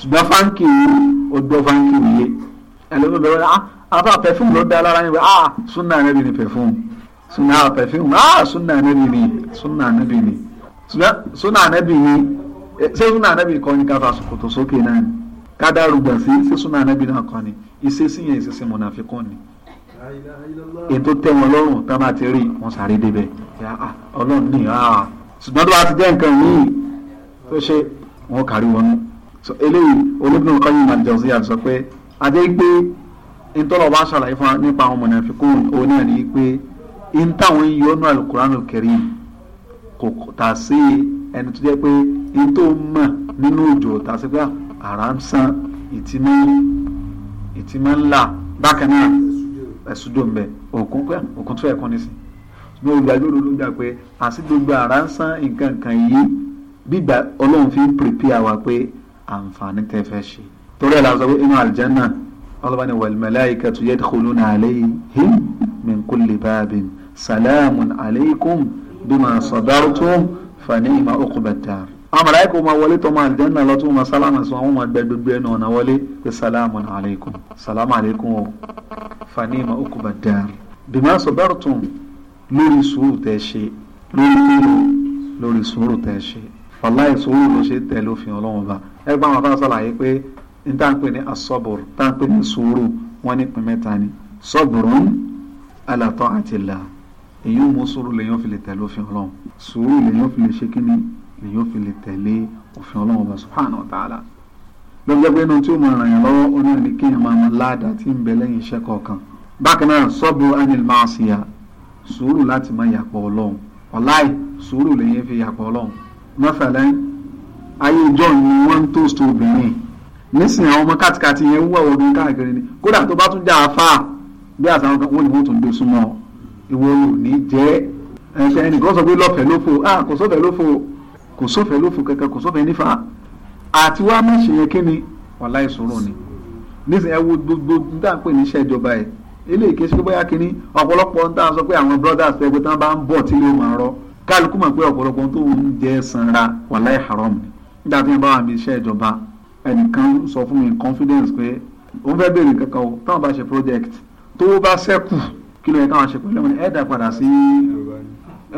ṣùgbọ́n fáǹkì yìí ó gbọ́ fáǹkì yìí ẹlẹ́nu bẹ̀rẹ̀ ah afa pẹ̀fúmù ló da lára yín wẹ̀ ah sunna anabi ni pẹ̀fúmù sunna pẹ̀fúmù ah sunna anabi ni sunna anabi ni sunna anabi ni eh, ṣé sunna anabi kọ́ ni káfa kòtò sókè náà ni kádà rúgbà sí ṣé sunna anabi náà kọ́ ni ìṣesí yẹn ìṣesí mọ̀nàfikún ni ètò tẹ wọn lọ́rùn tá a máa ti rí wọn sáré débẹ̀ ah, ọlọ́run ní ah. ṣùgbọ́n tó bá ti jẹ́ nǹkan yìí tó ṣe wọn kárí wọn eléyìí olóògùn kan yìí máa jọ sí àti sọ pé àti pé ntọ́lọ̀ bá ṣàlàyé fún wa nípa àwọn mọ̀nàfikún òun náà ni pé n táwọn ń yọnu alukuraanu karim kò tà sí ẹni tó jẹ́ pé n tó mọ̀ nínú òjò tà sí pé àrà ah, ń san ìtìmọ̀ ńlá bákan náà ẹ̀sùn dò ń bẹ òkun pé òkun tó ẹ̀kún nísìn ní olùgbàjọ́rò ló gbà pé àti gbogbo àrà ń san nǹkan kan yìí bí ọlọ́run fi ń pèpè àwa pé àǹfààní tẹ́ fẹ́ ṣe torí ẹ̀ la sọ pé inú àlìjánà ọlọ́ba ni wal malaikatu yadkhuluna alayhim min kulli babin salamun alaykum bima sabartum fa ni'ma uqbad dar. àwọn màláíkà máa wọlé tó máa àlìjánà lọ tó máa sálámà sí wọn wọn máa gbẹ gbogbo ẹnu ọ̀nà wọlé pé salamun alaykum salamu alaykum o fa ni'ma uqbad dar. bima sabartum lórí sùúrù tẹ́ lórí lórí sùúrù tẹ́ ṣe wàláì sùúrù ló ṣe ní táǹpé ní asọ́bùrù táǹpé ní sùúrù wọ́n ní pín mẹ́ta ni sọ́bùrún ala ta'atillah èyí ò mú sùúrù lèyàn fi lè tẹ̀lé òfin ọlọ́run sùúrù lèyàn fi lè ṣe kíni lèyàn fi lè tẹ̀lé òfin ọlọ́run ọba subhanahu wa ta'ala lọ́jọ́ pé inú tí ó máa ràn yàn lọ́wọ́ ó náà ní kéèyàn máa mọ ládàá tí ń bẹ lẹ́yìn iṣẹ́ kọ̀ọ̀kan bákan náà sọ́bù anil ma'asiya sùúrù láti máa yàpọ̀ ọlọ́run wàláì sùúrù lèyàn fi yàpọ̀ ọlọ́run mọ́fẹ̀lẹ́ ayé ìjọ ni wọ́n ń tó obìnrin nísìnyí àwọn ọmọ kátikati yẹn wúwo àwọn obìnrin káàkiri ni kódà tó bá tún já afá bí àtàwọn kan wọn ni wọn tún gbé e súnmọ́ ìwọ ò ní jẹ ẹsẹ ẹnìkan sọ pé lọfẹ lófo ah kò sófẹ lófo kò sófẹ lófo kankan kò sófẹ nífa àti wàá má ṣe yẹn kí ni wàhálà ìṣòro ni nísìnyí ẹ wo gbogbo níta pé ní ìṣèjọba ẹ eléyìí kí n ṣe pé bóyá kínní ọ̀pọ̀lọpọ̀ ń tàn sọ pé àwọn brothers ẹgbẹ́ tán bá ń bọ̀ tí ló máa rọ kálukú mọ̀ pé ọ̀pọ̀lọpọ̀ tó ń jẹ sanra wàhálà ìhàrọ̀mù nígbà tí wọ́n bá wà ní iṣẹ́ ìjọba ẹnìkan sọ fún mi in confidence pé òun fẹ́ béèrè kankan o táwọn bá ṣe project tó bá ṣẹ́kù kí ló yẹ káwọn ṣe pẹ̀lú ẹ̀ ẹ̀ dá padà sí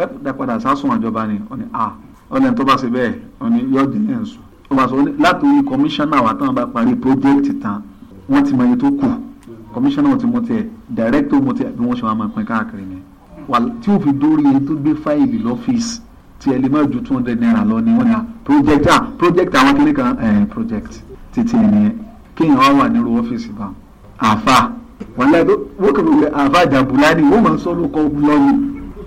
ẹ̀ dá padà sásùn àjọba ni ọ̀nì à ọ̀nì tó bá ṣe bẹ́ẹ̀ ọ̀nì yọ̀dì ní ẹ̀sùn ó bá sọ láti orí kọmíṣánná wa táwọn bá parí project tán wọ́n ti mọ iye tó kù kọmíṣánná wọn ti mú tiẹ̀ director mú tiẹ̀ bí wọ́n ṣe wá máa pín káàkiri ni tí ó fi dórí iye tó gbé fáìlì lọ́fíìsì tí ẹ lè má ju two hundred naira lọ ni wọ́n ní ah, project ah project àwọn kìnìún kan ẹ̀ eh, project títí ẹ̀ nìyẹn kéèyàn wá wà nírú ọ́fíìsì bá àfa wọn lẹ́yìn wọ́n kàn wọ́n àfa àjàbùlání wọ́n máa ń sọ lóko lọ́wọ́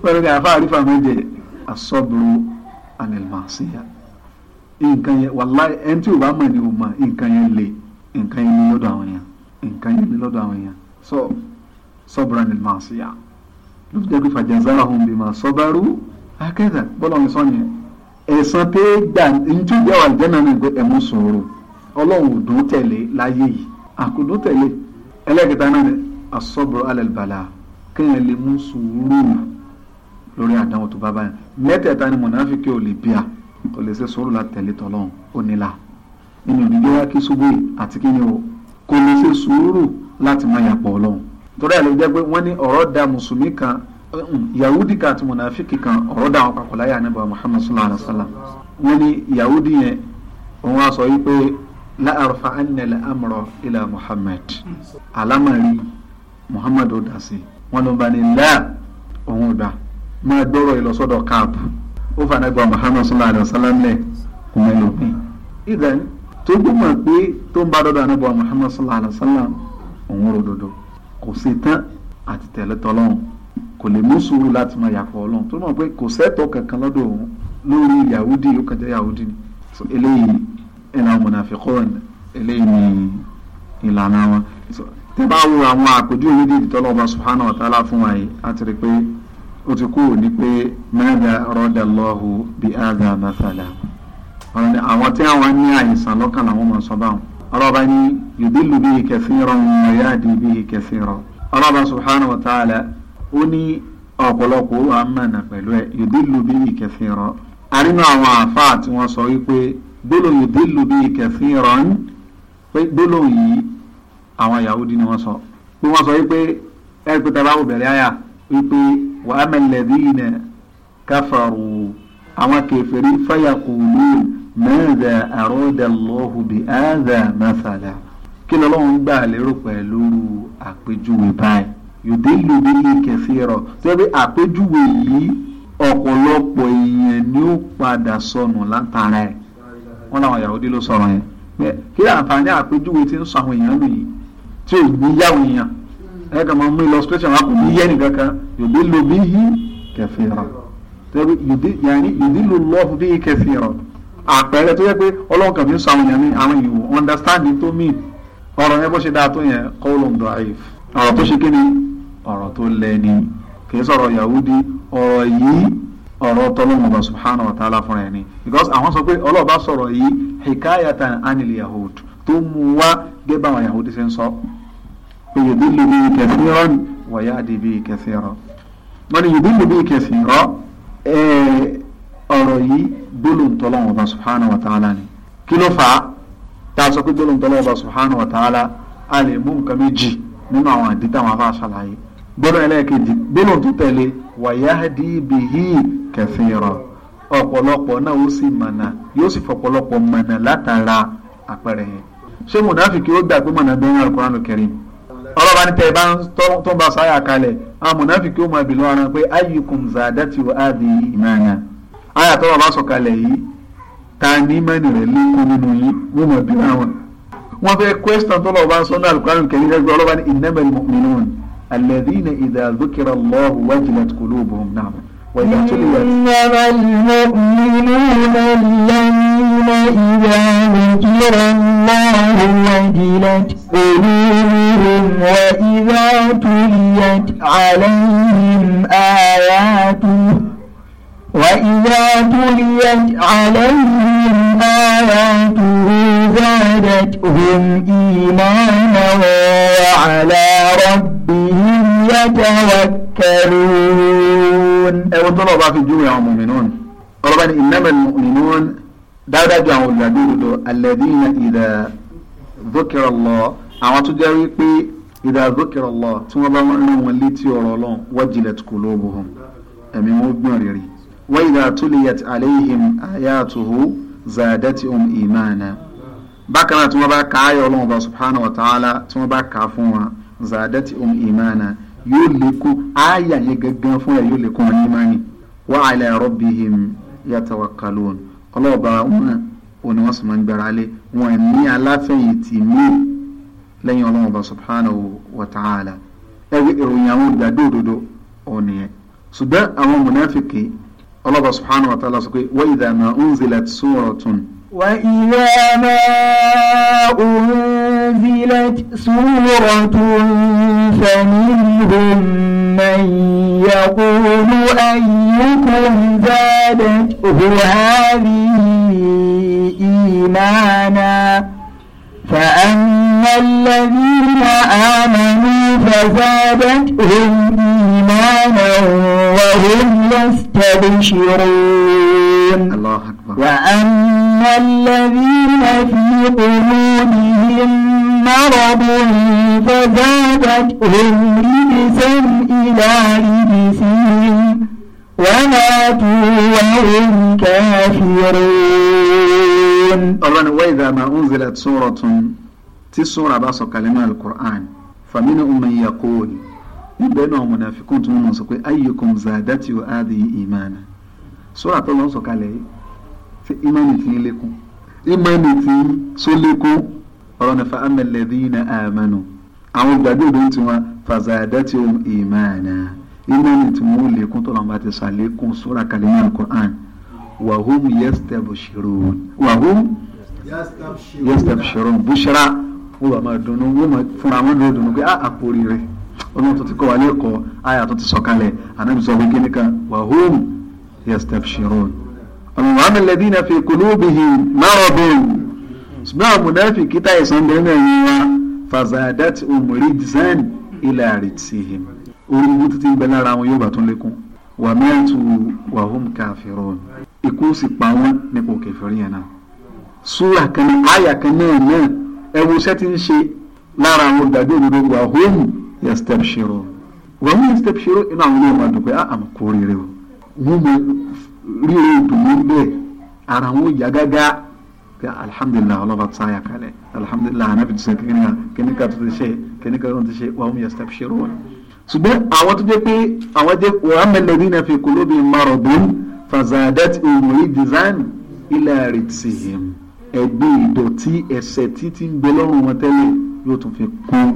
wọ́n ní àfa àrífà méje asọ́bùrù anilmasiya nǹkan yẹn wàláì ẹni tí o bá mọ̀ ni o mọ̀ nǹkan yẹn le nǹkan yẹn ní lọ́dọ̀ àwọn èèyàn nǹkan yẹn ní lọ́dọ̀ àwọn èèyàn sọ sọ́bùrù anilmasiya ló jẹ́ pé fàjàzáhùn bímà sọ́bàrú akẹ́dà bọ́lá ní sọ́ni ẹ̀sán pé gbà ntú yẹ wà lẹ́nà náà pé ẹ̀mú sòrò ọlọ́run ò dùn tẹ̀lé láyé yìí àkùdù tẹ̀lé ẹlẹ́kẹta náà ni asọ́bùrù alẹ́lbàlà kéèyàn lè mú sùúrù lórí àdánwò tó bá báyìí mẹ́tẹ̀ẹ̀ta ni mọ̀nàfíkì ò lè bíà kò lè ṣe sùúrù láti tẹ̀lé tọ́lọ́run ó nílà nínú ìdílé wa kí ṣubú àti kí ni o kò lè ṣe sùúrù láti má yàpọ̀ ọlọ́run torí ẹ̀ jẹ́ pé wọ́n ní ọ̀rọ̀ da mùsùlùmí kan Um, yahudi kan àti munafiki kan ọ̀rọ̀ dà wọn papọ̀ láyé ànábà muhammad sallallahu alaihi wa sallam wọ́n ní yahudi yẹn òun á sọ yìí pé láàrúfà ánilẹ̀ amúrọ̀ ilà muhammad alámàrí muhammad ó dà sí wọn ló bá ní láà òun gbà máa gbọ́rọ̀ ìlọsọ́dọ̀ káàbù ó fàánà gba muhammad sallallahu alaihi wa sallam lẹ̀ kò mẹ́lò pín. ìgbẹ́ni tó gbọ́mọ̀ pé tó ń bá dọ́dọ̀ ànábà muhammad sallallahu alaihi wa sallam òun ròdodo kò sí tán àti tẹ̀lé tọ́lọ́hún kò lè mú sùúrù láti máa yàpọ̀ ọlọ́run tó mọ̀ pé kò sẹ́tọ̀ kankan lọ́dọ̀ òun lórí yahudi ó kàn jẹ́ yahudi ni so eléyìí ìlànà mọ̀nàfíkọ́ọ̀n eléyìí ni ìlànà wọn tẹ́ bá wo àwọn àpèjúwe méjèèjì tọ́lọ́ ọba subhanahu wa ta'ala fún wa yìí á ti rí i pé ó ti kúrò ní pé mẹ́ẹ̀dá rọ́dà lọ́hù bí ága mẹ́fàlà ọ̀rọ̀ àwọn tí àwọn ní àìsàn lọ́kàn làwọn máa sọ báwọn ọlọ́ba ní yudillu bihi kathiran wa yahdi bihi kathiran ọlọ́ba subhanahu wa ta'ala ó ní ọ̀pọ̀lọpọ̀ ó wà ń mọ̀nà pẹ̀lú ẹ̀ yòdìlù bí ìkẹfìrọ̀ arínú àwọn àáfàá tí wọ́n sọ wípé gbólóhùn yòdìlù bí ìkẹfìrọ̀ ń pé gbólóhùn yìí àwọn Yahudi ni wọ́n sọ pé wọ́n sọ wípé ẹ pé tẹ bá wò bẹ̀rẹ̀ àyà wípé wà mẹ́lẹ̀dí iná káfàrú àwọn kẹfẹ́rí fayakulu mẹ́ẹ̀dà àròdàlọ́hù bí áàdà mẹ́sàlá kí lọ́lọ́run gbà lérò pẹ̀lú àpèjúwe báyìí yòdélò délé kẹfì rọ sẹbi àpèjúwe yìí ọ̀pọ̀lọpọ̀ èèyàn ni ó padà sọnù látara ẹ̀ wọn làwọn Yahudi ló sọ̀rọ̀ yẹn pé kí àǹfààní àpèjúwe ti ń sọ àwọn èèyàn lò yìí tí ò ní yáwò èèyàn ẹ kàn máa mú illustration wa kò ní yẹ nìkan kan yòdélò bí yí kẹfì rọ sẹbi yòdélò lọ́ọ̀fù bí yí kẹfì rọ àpẹẹrẹ tó yẹ pé ọlọ́run kàn fi ń sọ àwọn èèyàn ní àwọn ìwò understanding tó mean ọ̀rọ̀ yẹn bó ṣe dáa tó yẹn kọ́ ló ń dọ̀ àyè ọ̀rọ̀ tó ṣe kí ni ọ̀rọ̀ tó lẹ́ni kì í sọ̀rọ̀ yahudi ọ̀rọ̀ yìí ọ̀rọ̀ tọ́lọ́mọba subhanahu wa ta'ala fúnra ẹni because àwọn sọ pé ọlọ́ọ̀bá sọ̀rọ̀ yìí hikayatan anil yahud tó mú wá gẹ́gbà àwọn yahudi ṣe ń sọ pé yudillu bi kathiran wa yahdi bi kathiran wọ́n ní yudillu bi kathiran ọ̀rọ̀ yìí gbólóhùn tọ́lọ́mọba subhanahu wa ta'ala ni kí ló fà á tá a sọ pé gbólóhùn tọ́lọ́mọba subhanahu wa ta'ala a mú nǹkan méjì nínú àwọn àdìtà afáṣàlàyé gbọdọ ẹlẹ́ẹ̀kejì gbọ́dọ̀ tó tẹ̀lé wàyáàdì bìhí kẹfìrọ̀ náà ó sì mọ̀nà yóò sì fọ̀pọ̀lọpọ̀ mọ̀nà látara àpẹẹrẹ yẹn ṣé mùnàfíkì ó gbà pé bẹ́ẹ̀ ọlọ́ba ní bá ń ń bá sáyà kalẹ̀ àwọn mùnàfíkì ó máa bì lọ́wọ́ pé bá yìí ta ní mẹ́rin rẹ̀ nínú yìí wọ́n mọ̀ bí wọn. wọ́n fẹ́ question tó bá sọ́nà ẹgbẹ́ ọlọ́ba ní innamal الذين إذا ذكر الله وجلت قلوبهم نعم إنما المؤمنون الذين إذا ذكر الله وجلت قلوبهم وإذا تليت عليهم آياته وإذا تليت عليهم آياته زادتهم إيمانا وعلى ربهم yatawakkalun. ẹ̀wọ́n tó lọ́ọ́ bá fi júwe àwọn mu'minun ọlọ́ba ní innamal mu'minun dáadájú àwọn olùyàgbé òdodo alladhina idha dhukira Allah àwọn tó jẹ́ wípé idha dhukira Allah tí wọ́n bá rán wọn létí ọ̀rọ̀ Ọlọ́run wajilat qulubuhum ẹ̀mí wọn gbọ̀n rírì wa idha tuliyat alayhim ayatuhu zadatihum imana bákan náà tí wọ́n bá ka ayọ̀ Ọlọ́run subhanahu wa ta'ala tí wọ́n bá ka fún wa zadatihum imana yóò lékún àyà yẹn gangan fún ẹ yóò lékún ọ̀rẹ́ ìmánì wa ala rabbihim yatawakkalun ọlọ́ọ̀bá wọn òní wọn sì máa ń gbára lé wọn ní aláfẹ̀yìntì míì lẹ́yìn ọlọ́run ọba subhanahu wa ta'ala ẹ̀rí ìròyìn àwọn ìgbàgbé òdodo òní yẹn ṣùgbọ́n àwọn mùnáfìkì ọlọ́ba subhanahu wa ta'ala sọ pé wa idha ma unzilat suratun. wa idha ma unzilat. أنزلت سورة فمنهم من يقول أيكم زادته هذه إيمانا فأما الذين آمنوا فزادتهم إيمانا وهم يستبشرون الله أكبر وأما أيها الذين في قلوبهم مرض فزادتهم رجسا إلى رجسهم وماتوا وهم كافرون ọlọ́ni وإذا ما أنزلت سورة tí sóra bá sọ̀kalẹ̀ ní alukur'an faminu umar yakol níbẹ̀ náà mọ̀nàfikún tó ń sọ pé ayyukum zadati wa adi imana sóra tó lọ́n sọ̀kalẹ̀ yìí ṣe ìmánì tí ń lékún ìmánì tí ń só lékún ọ̀rọ̀ ní fa amẹ́lẹ́dínà àmánù àwọn gbàdúrà tí wọn fàzàdá tí ohun ìmánà ìmánì tí wọn ò lékún tó lọ́nà bá ti sàlékún sóra kalẹ̀ ní alukur'an wàhùn yẹ́sítẹ́bùṣirún wàhùn yẹ́sítẹ́bùṣirún bùṣirá wọ́n bá máa dunnú wọ́n máa fúnra wọn lóò dunnú pé á àpòrí rẹ̀ ọlọ́run tó ti kọ́ wa lẹ́kọ̀ọ́ àyà tó ti sọ̀kalẹ̀ ànábìsọ̀ wíkẹ́ nìkan wàhùn yẹ́sítẹ́bùṣirún àwọn àmì lẹ́bí náà fi kulubihi maradun ṣùgbọ́n àwọn mùnáfíkí tá ìsàn bẹ́ẹ̀ náà yín wá fazadat omori design ilẹ̀ àrètìhìn orí ibi títí ń bẹ lára àwọn yóò bá tún lékún wà mẹ́tù wà hum kafirun ikú sì pa wọ́n nípò kẹfìrí yẹn náà súra kan àyà kan náà náà ẹwọ iṣẹ́ ti ń ṣe lára àwọn olùdàgbé òdodo wà hum yastabshirun wà hum yastabshirun inú àwọn olóòwò àdùnkẹ́ ah, àmọ́ kórìíre o rí ìdùnnú bẹ́ẹ̀ ara wọn yà gágá pé alhamdulilah ọlọ́ba tí sáyà kalẹ̀ alhamdulilah anabi ti sẹ́n kíni kan kíni kan tó ti ṣe kíni kan tó ti ṣe wàhùn yẹ step ṣe rọ́ọ̀lù. ṣùgbọ́n àwọn tó jẹ́ pé àwọn jẹ́ wàá mẹ́lẹ́dín náà fi kulubi maradun fazadat ìròyìn design ilẹ̀ rìtìhìm ẹgbẹ́ ìdọ̀tí ẹsẹ̀ títí ń gbẹ lọ́rùn wọn tẹ́lẹ̀ yóò tún fi kún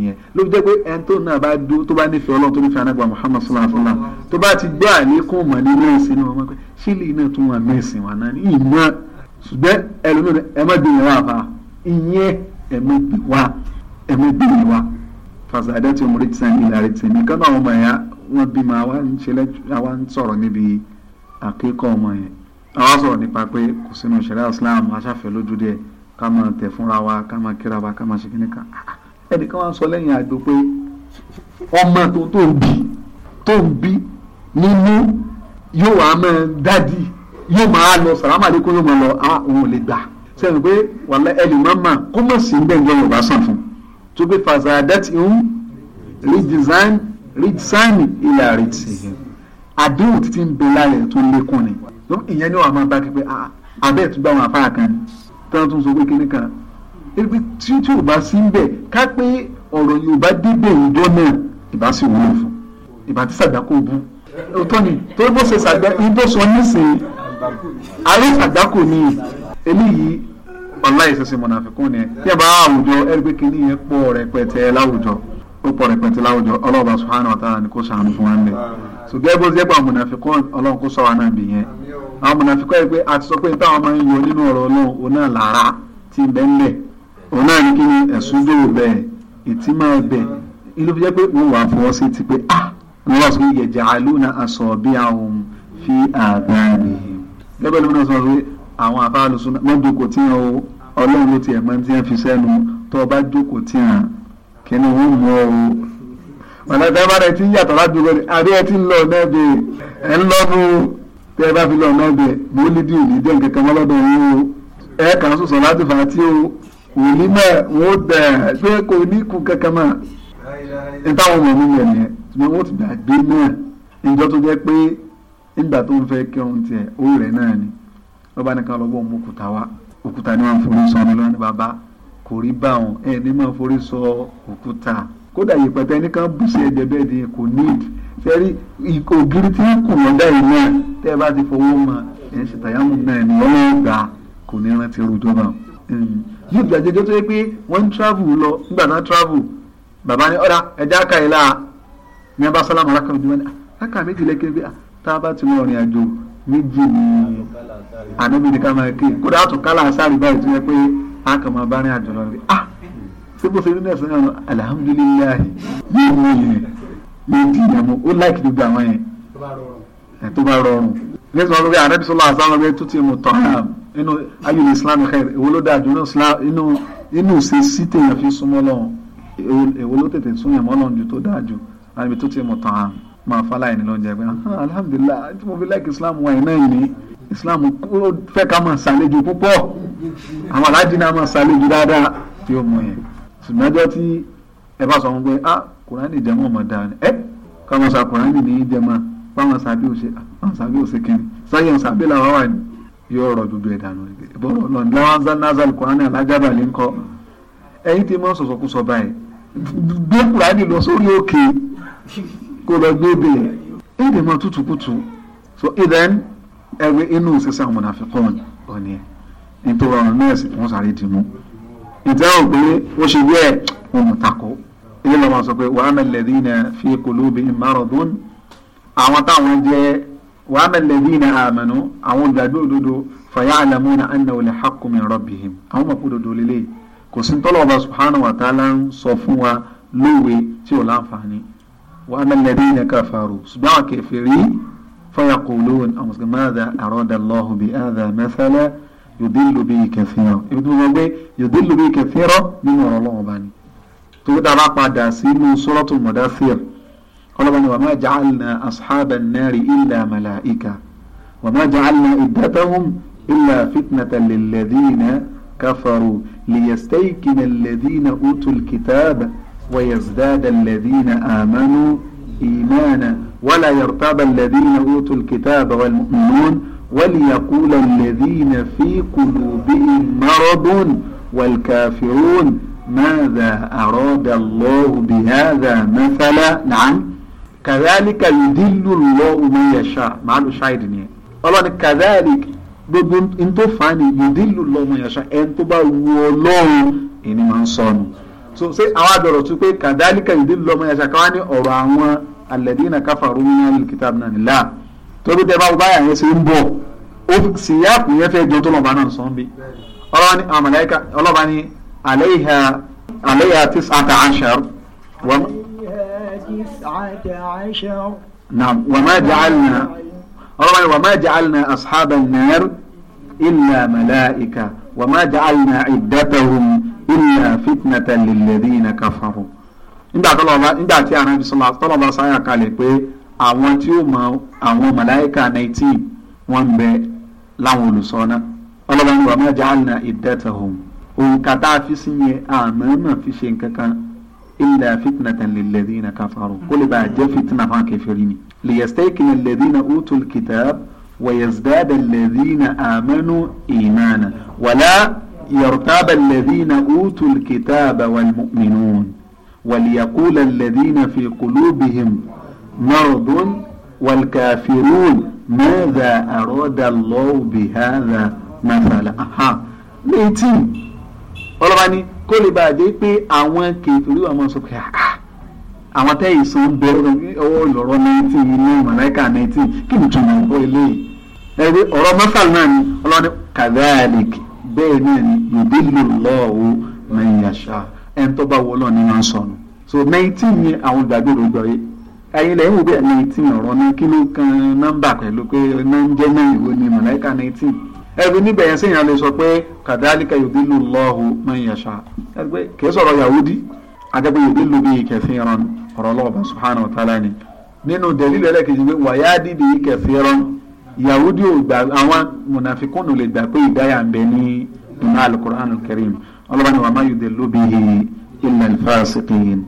ìyẹn ló fi jẹ́ pé ẹni tó náà bá dúró tó bá nífẹ̀ẹ́ ọlọ́run tó nífẹ̀ẹ́ anábọ̀ muhammad sallallahu alayhi wa sallam tó bá ti gbé àlékún mọ̀ nínú ẹ̀sìn náà wọ́n pẹ́ ṣílì náà tún wà mẹ́sìn wà náà ní ìmọ̀ ṣùgbọ́n ẹlòmíràn ẹ má gbé yẹn wá fa ìyẹn ẹ má gbé wá ẹ má gbé yẹn wá fasada tí mo rí ti sẹ́ni ìlà rẹ̀ tì mí ọmọ ẹ̀yà wọn bí ma ń sọ̀rọ̀ níbi àkíkọ́ ọmọ yẹn àwa sọ̀rọ̀ wa ká máa ẹnìkan wá sọ lẹ́yìn àjò pé ọmọ tó tó ń bí tó ń bí nínú yóò wá mọ dádì yóò máa lọ sàrámà lẹ́kọ́ yóò máa lọ á òun lè gbà sẹ́yìn pé wàlẹ́ ẹnì máa mà kó mọ̀ sí ń bẹ̀rẹ̀ yorùbá sàn fún tó pé fàzàdẹ́tì ń redesign redesign ilà rìtì àdéhùn títí ń bẹ lálẹ́ tó lékún ni ìyẹn ni wàá máa bá kí pé ah, abẹ́ẹ̀ wọn afárá kan tí wọ́n tún sọ pé kíní kan ebi tí tí ò bá sí ń bẹ̀ ká pé ọ̀rọ̀ Yorùbá débẹ̀ ìjọ náà ìbá sì wúlò fún ìbá tí sàgbákò bú òótọ́ ni tó bó ṣe sàgbákò ní tó sọ nísìnyí àrí sàgbákò ni eléyìí ọ̀la ìṣẹ̀ṣẹ̀ mọ̀nàfíkún ni tí ẹ bá àwùjọ ẹgbẹ́ kìíní yẹn pọ̀ rẹpẹtẹ láwùjọ ó pọ̀ rẹpẹtẹ láwùjọ ọlọ́ọ̀bá subhanahu wa ta'ala ni kò ṣàánú fún wa ń bẹ̀ ṣùgbọ́n bó ṣe pé àwọn mọ̀nàfíkún ọlọ́run kò sọ wa náà bì yẹn àwọn mọ̀nàfíkún yẹn pé àti sọ pé táwọn máa ń yọ nínú ọ̀rọ̀ ọlọ́run òun náà làárá ti bẹ́ńbẹ́ òun náà ní kí ni ẹ̀sùn dòwò bẹ́ẹ̀ ètí máa bẹ̀ ilé fi jẹ́ pé òun wà fọwọ́ sí ti pé ah wọ́n wá sọ pé yẹ̀jẹ̀ àlùna aṣọ bí àwọn fi àdáni. gẹ́gẹ́ ló ń sọ pé àwọn afáàlùsùn wọ́n jókòó tí wọn ọlọ́run ló tiẹ̀ máa ń tiẹ̀ fi sẹ́nu tó o bá jókòó tí wọn kí ni wọ́n mú ọ ọ̀nà tẹ́ bá rẹ̀ ti yàtọ̀ láti gbogbo àbí ẹ ti ń lọ ọ̀nà ẹ̀bẹ̀ ẹ̀ ń lọ mú tẹ́ bá fi lọ ọ̀nà ẹ̀bẹ̀ mò ń lé dì òní dẹ́n kankan mọ́ lọ́dọ̀ yín o ẹ̀ kàn sọ̀sọ̀ láti fà á tí o wòlí náà wọn ó dẹ̀ ṣé kò ní kú kankan mọ́ ìtàwọn ọmọ mi yẹn nìyẹn ṣùgbọ́n wọ́n ti gbàgbé náà ìjọ tó jẹ́ pé nígbà tó ń fẹ́ kí ohun tiẹ̀ ó rẹ̀ náà ni lọ́ba nìkan lọ́gbọ́n mú òkúta wá òkúta ni wọ́n forí sọ ọ́nà lọ́nà bàbá kò rí bá wọn ẹ̀ ní máa forí sọ òkúta kódà yèpẹ̀tẹ̀ nìkan bù sí ẹ̀jẹ̀ bẹ́ẹ̀ ni kò níìdì sẹ́rí ògiri tí ń kù lọ́dà yìí náà tẹ́ ẹ bá ti fọwọ́ mọ ẹ̀ ń ṣètàyàmù náà ni ọlọ́ọ̀gbà kò ní rántí rúdọ́bà ní ìgbàjẹ́ ọjọ́ tó yẹ pé wọ́n ń travel lọ nígbà náà travel bàbá ní ọ̀dà ẹ̀dá ká ẹ̀ láà ní abá sálámù alákàwé bí wọ́n ní aká méjì lẹ́kẹ́ bí tá a bá ti wọ́n rìn àjò méjì ní ànábì ní ká máa ké kódà àtún kálá sáré báyìí tó yẹ pé a kàn máa bá rìn àjò lọ rí ah ṣé bó ṣe rí nẹ́ẹ̀sì náà alhamdulilayi yóò mú ìyẹn yóò dì ìyàmú ó láìkì gbogbo àwọn yẹn tó bá rọrùn Hmm. ní sọ pé ànábì sọlá àṣà pé tútù mu tọ́ inú ayélu islam kẹrì èwo ló dáa jù inú inú ṣe sí téèyàn fi súnmọ́ lọ́hùn èwo ló tètè súnmọ́ ẹ̀mọ́ lọ́hùn ju tó dáa jù ànábì tútù mu tọ́ máa fálá ẹni lọ́njẹ pé alhamdulilah tí mo fi like islam wa iná yìí ní islam ó fẹ́ ká máa ṣàlejò púpọ̀ àwọn aláàjì náà máa ṣàlejò dáadáa tí ó mọ yẹn ṣùgbọ́n ẹjọ́ tí ẹ bá sọ fún pé ah kùránì jẹ́ mọ̀ mọ̀ dáa ni ẹ ká máa ṣàkùránì ní í jẹ́ máa báwọn ṣàbí ṣe ah àwọn sàbí ò sí kí ni sáyé ń sàbí làwọn wà ní yóò rọ gbogbo ẹ̀dá nù ìbọ̀rọ̀ ọlọ́run láwọn nazal kùránì alájábà lè ń kọ́ ẹ̀yin tí wọ́n sọ̀sọ̀ kú sọ báyìí gbé kùránì lọ sórí òkè kó lọ gbé bẹ́ẹ̀ èdè mọ́ tutukutu so ìdẹ́n ẹgbẹ́ inú sísan mọ̀nàfíkọ́ọ̀nì òní ẹ̀ nítorí ọ̀rọ̀ nọ́ọ̀sì wọ́n sáré dì mú ìdá ò pé ṣe wí ẹ̀ ọmọ tako ilé lọ́wọ́ sọ pé wàhánà lẹ́dí náà ìmárọ̀dún àwọn táwọn jẹ́ wa amma alladhina amanu àwọn olùgbàgbé òdodo fa ya'lamuna annahu al-haqqu min rabbihim àwọn mọ̀kú òdodo lélẹ̀ kò sí tọ́lọ̀ ọba subhanahu wa ta'ala ń sọ fún wa lówe tí ò láǹfààní wa amma alladhina kafaru ṣùgbọ́n àwọn kèfèrí فيقولون أمسك ماذا أراد الله بهذا مثلا يضل به كثيرا يضل به كثيرا من وراء الله باني تقول دعنا قد سورة المدثر قلنا وما جعلنا أصحاب النار إلا ملائكة وما جعلنا إدتهم إلا فتنة للذين كفروا ليستيكن الذين أوتوا الكتاب ويزداد الذين آمنوا إيمانا ولا يرتاب الذين أوتوا الكتاب والمؤمنون وليقول الذين في قلوبهم مرض والكافرون ماذا أراد الله بهذا مثلا نعم kàdáníkà yudillu Allahu man yasha màálù ṣáìdì nìyẹn ọlọ́ni kàdáníkà gbogbo ntòfààní yudillu Allahu man yasha ẹni tó bá wu ọlọ́run ẹni máa ń sọnù so ṣé àwọn àdọ̀rọ̀ tún pé kàdáníkà yudillu Allahu man yasha káwá ní ọ̀rọ̀ àwọn alladhina kafaru min al-kitab náà nílá torí tẹ bá wọ báyà yẹn ṣe ń bọ̀ ó sì yá kù yẹn fẹ́ jọ tó lọ́ba نعم وما جعلنا الله وما جعلنا أصحاب النار إلا ملائكة وما جعلنا عدتهم إلا فتنة للذين كفروا nígbà tó lọ́ba nígbà tí Ànábì sọlá tọ́lọ́ba sáyà kalẹ̀ pé àwọn tí ó mọ àwọn màláíkà nineteen wọ́n ń bẹ láwọn olùsọ́nà ọlọ́ba ní wàá má jẹ́ àlùna ìdẹ́tẹ̀ òun òun kàtà fi sí yẹn àmọ́ mà fi ṣe nǹkan kan إلا فتنة للذين كفروا كل بعد فتنة كافرين ليستيقن الذين أوتوا الكتاب ويزداد الذين آمنوا إيمانا ولا يرتاب الذين أوتوا الكتاب والمؤمنون وليقول الذين في قلوبهم مرض والكافرون ماذا أراد الله بهذا مثلا أها 18 ọlọ́ba ni kó lè bàjẹ́ pé àwọn kèfèrí wà máa sọ pé àká ah, ah, àwọn tẹ́ ìsan bẹ̀rẹ̀ ọwọ́ ìlọ́rọ̀ nineteen ní mọ̀lẹ́kà nineteen kí ni tùmọ̀ ìbọn eléyìí ẹ̀rí ọ̀rọ̀ mẹ́fàlì náà ni ọlọ́ni kàdáàlìk bẹ́ẹ̀ náà ni yòdì lòlọ́ọ̀wọ́ mẹ́yàṣá ẹni tó bá wọlọ́ ni máa ń sọnù so nineteen yẹn àwọn ìgbàgbọ́dọ̀ gbọ́ yé ayẹyẹ lẹ́yìn wò bẹ́ẹ̀ nineteen ọ̀rọ̀ ni kí ló kan nọ́mbà pẹ̀lú pé náà ń jẹ́ náà ìwé ni mọ̀lẹ́kà nineteen ẹbí níbẹ̀ yẹn sẹ́yìn alẹ́ sọ pé kàdálíkà yòdìlú lọ́hùn máa ń yàṣà kì í sọ̀rọ̀ yahudi adẹ́gbẹ́ yòdìlú bíi kẹfìrán ọ̀rọ̀ lọ́ọ̀bà subhanahu wa ta'ala ni nínú dẹ̀lílẹ̀ ẹlẹ́kejì pé wàyá dìde kẹfìrán yahudi ò gbà àwọn mùnàfikún lè gbà pé ìdáyà ń bẹ ní nínú alukur'an karim ọlọ́ba ni wà má yòdìlú bíi ilẹ̀ fásitìn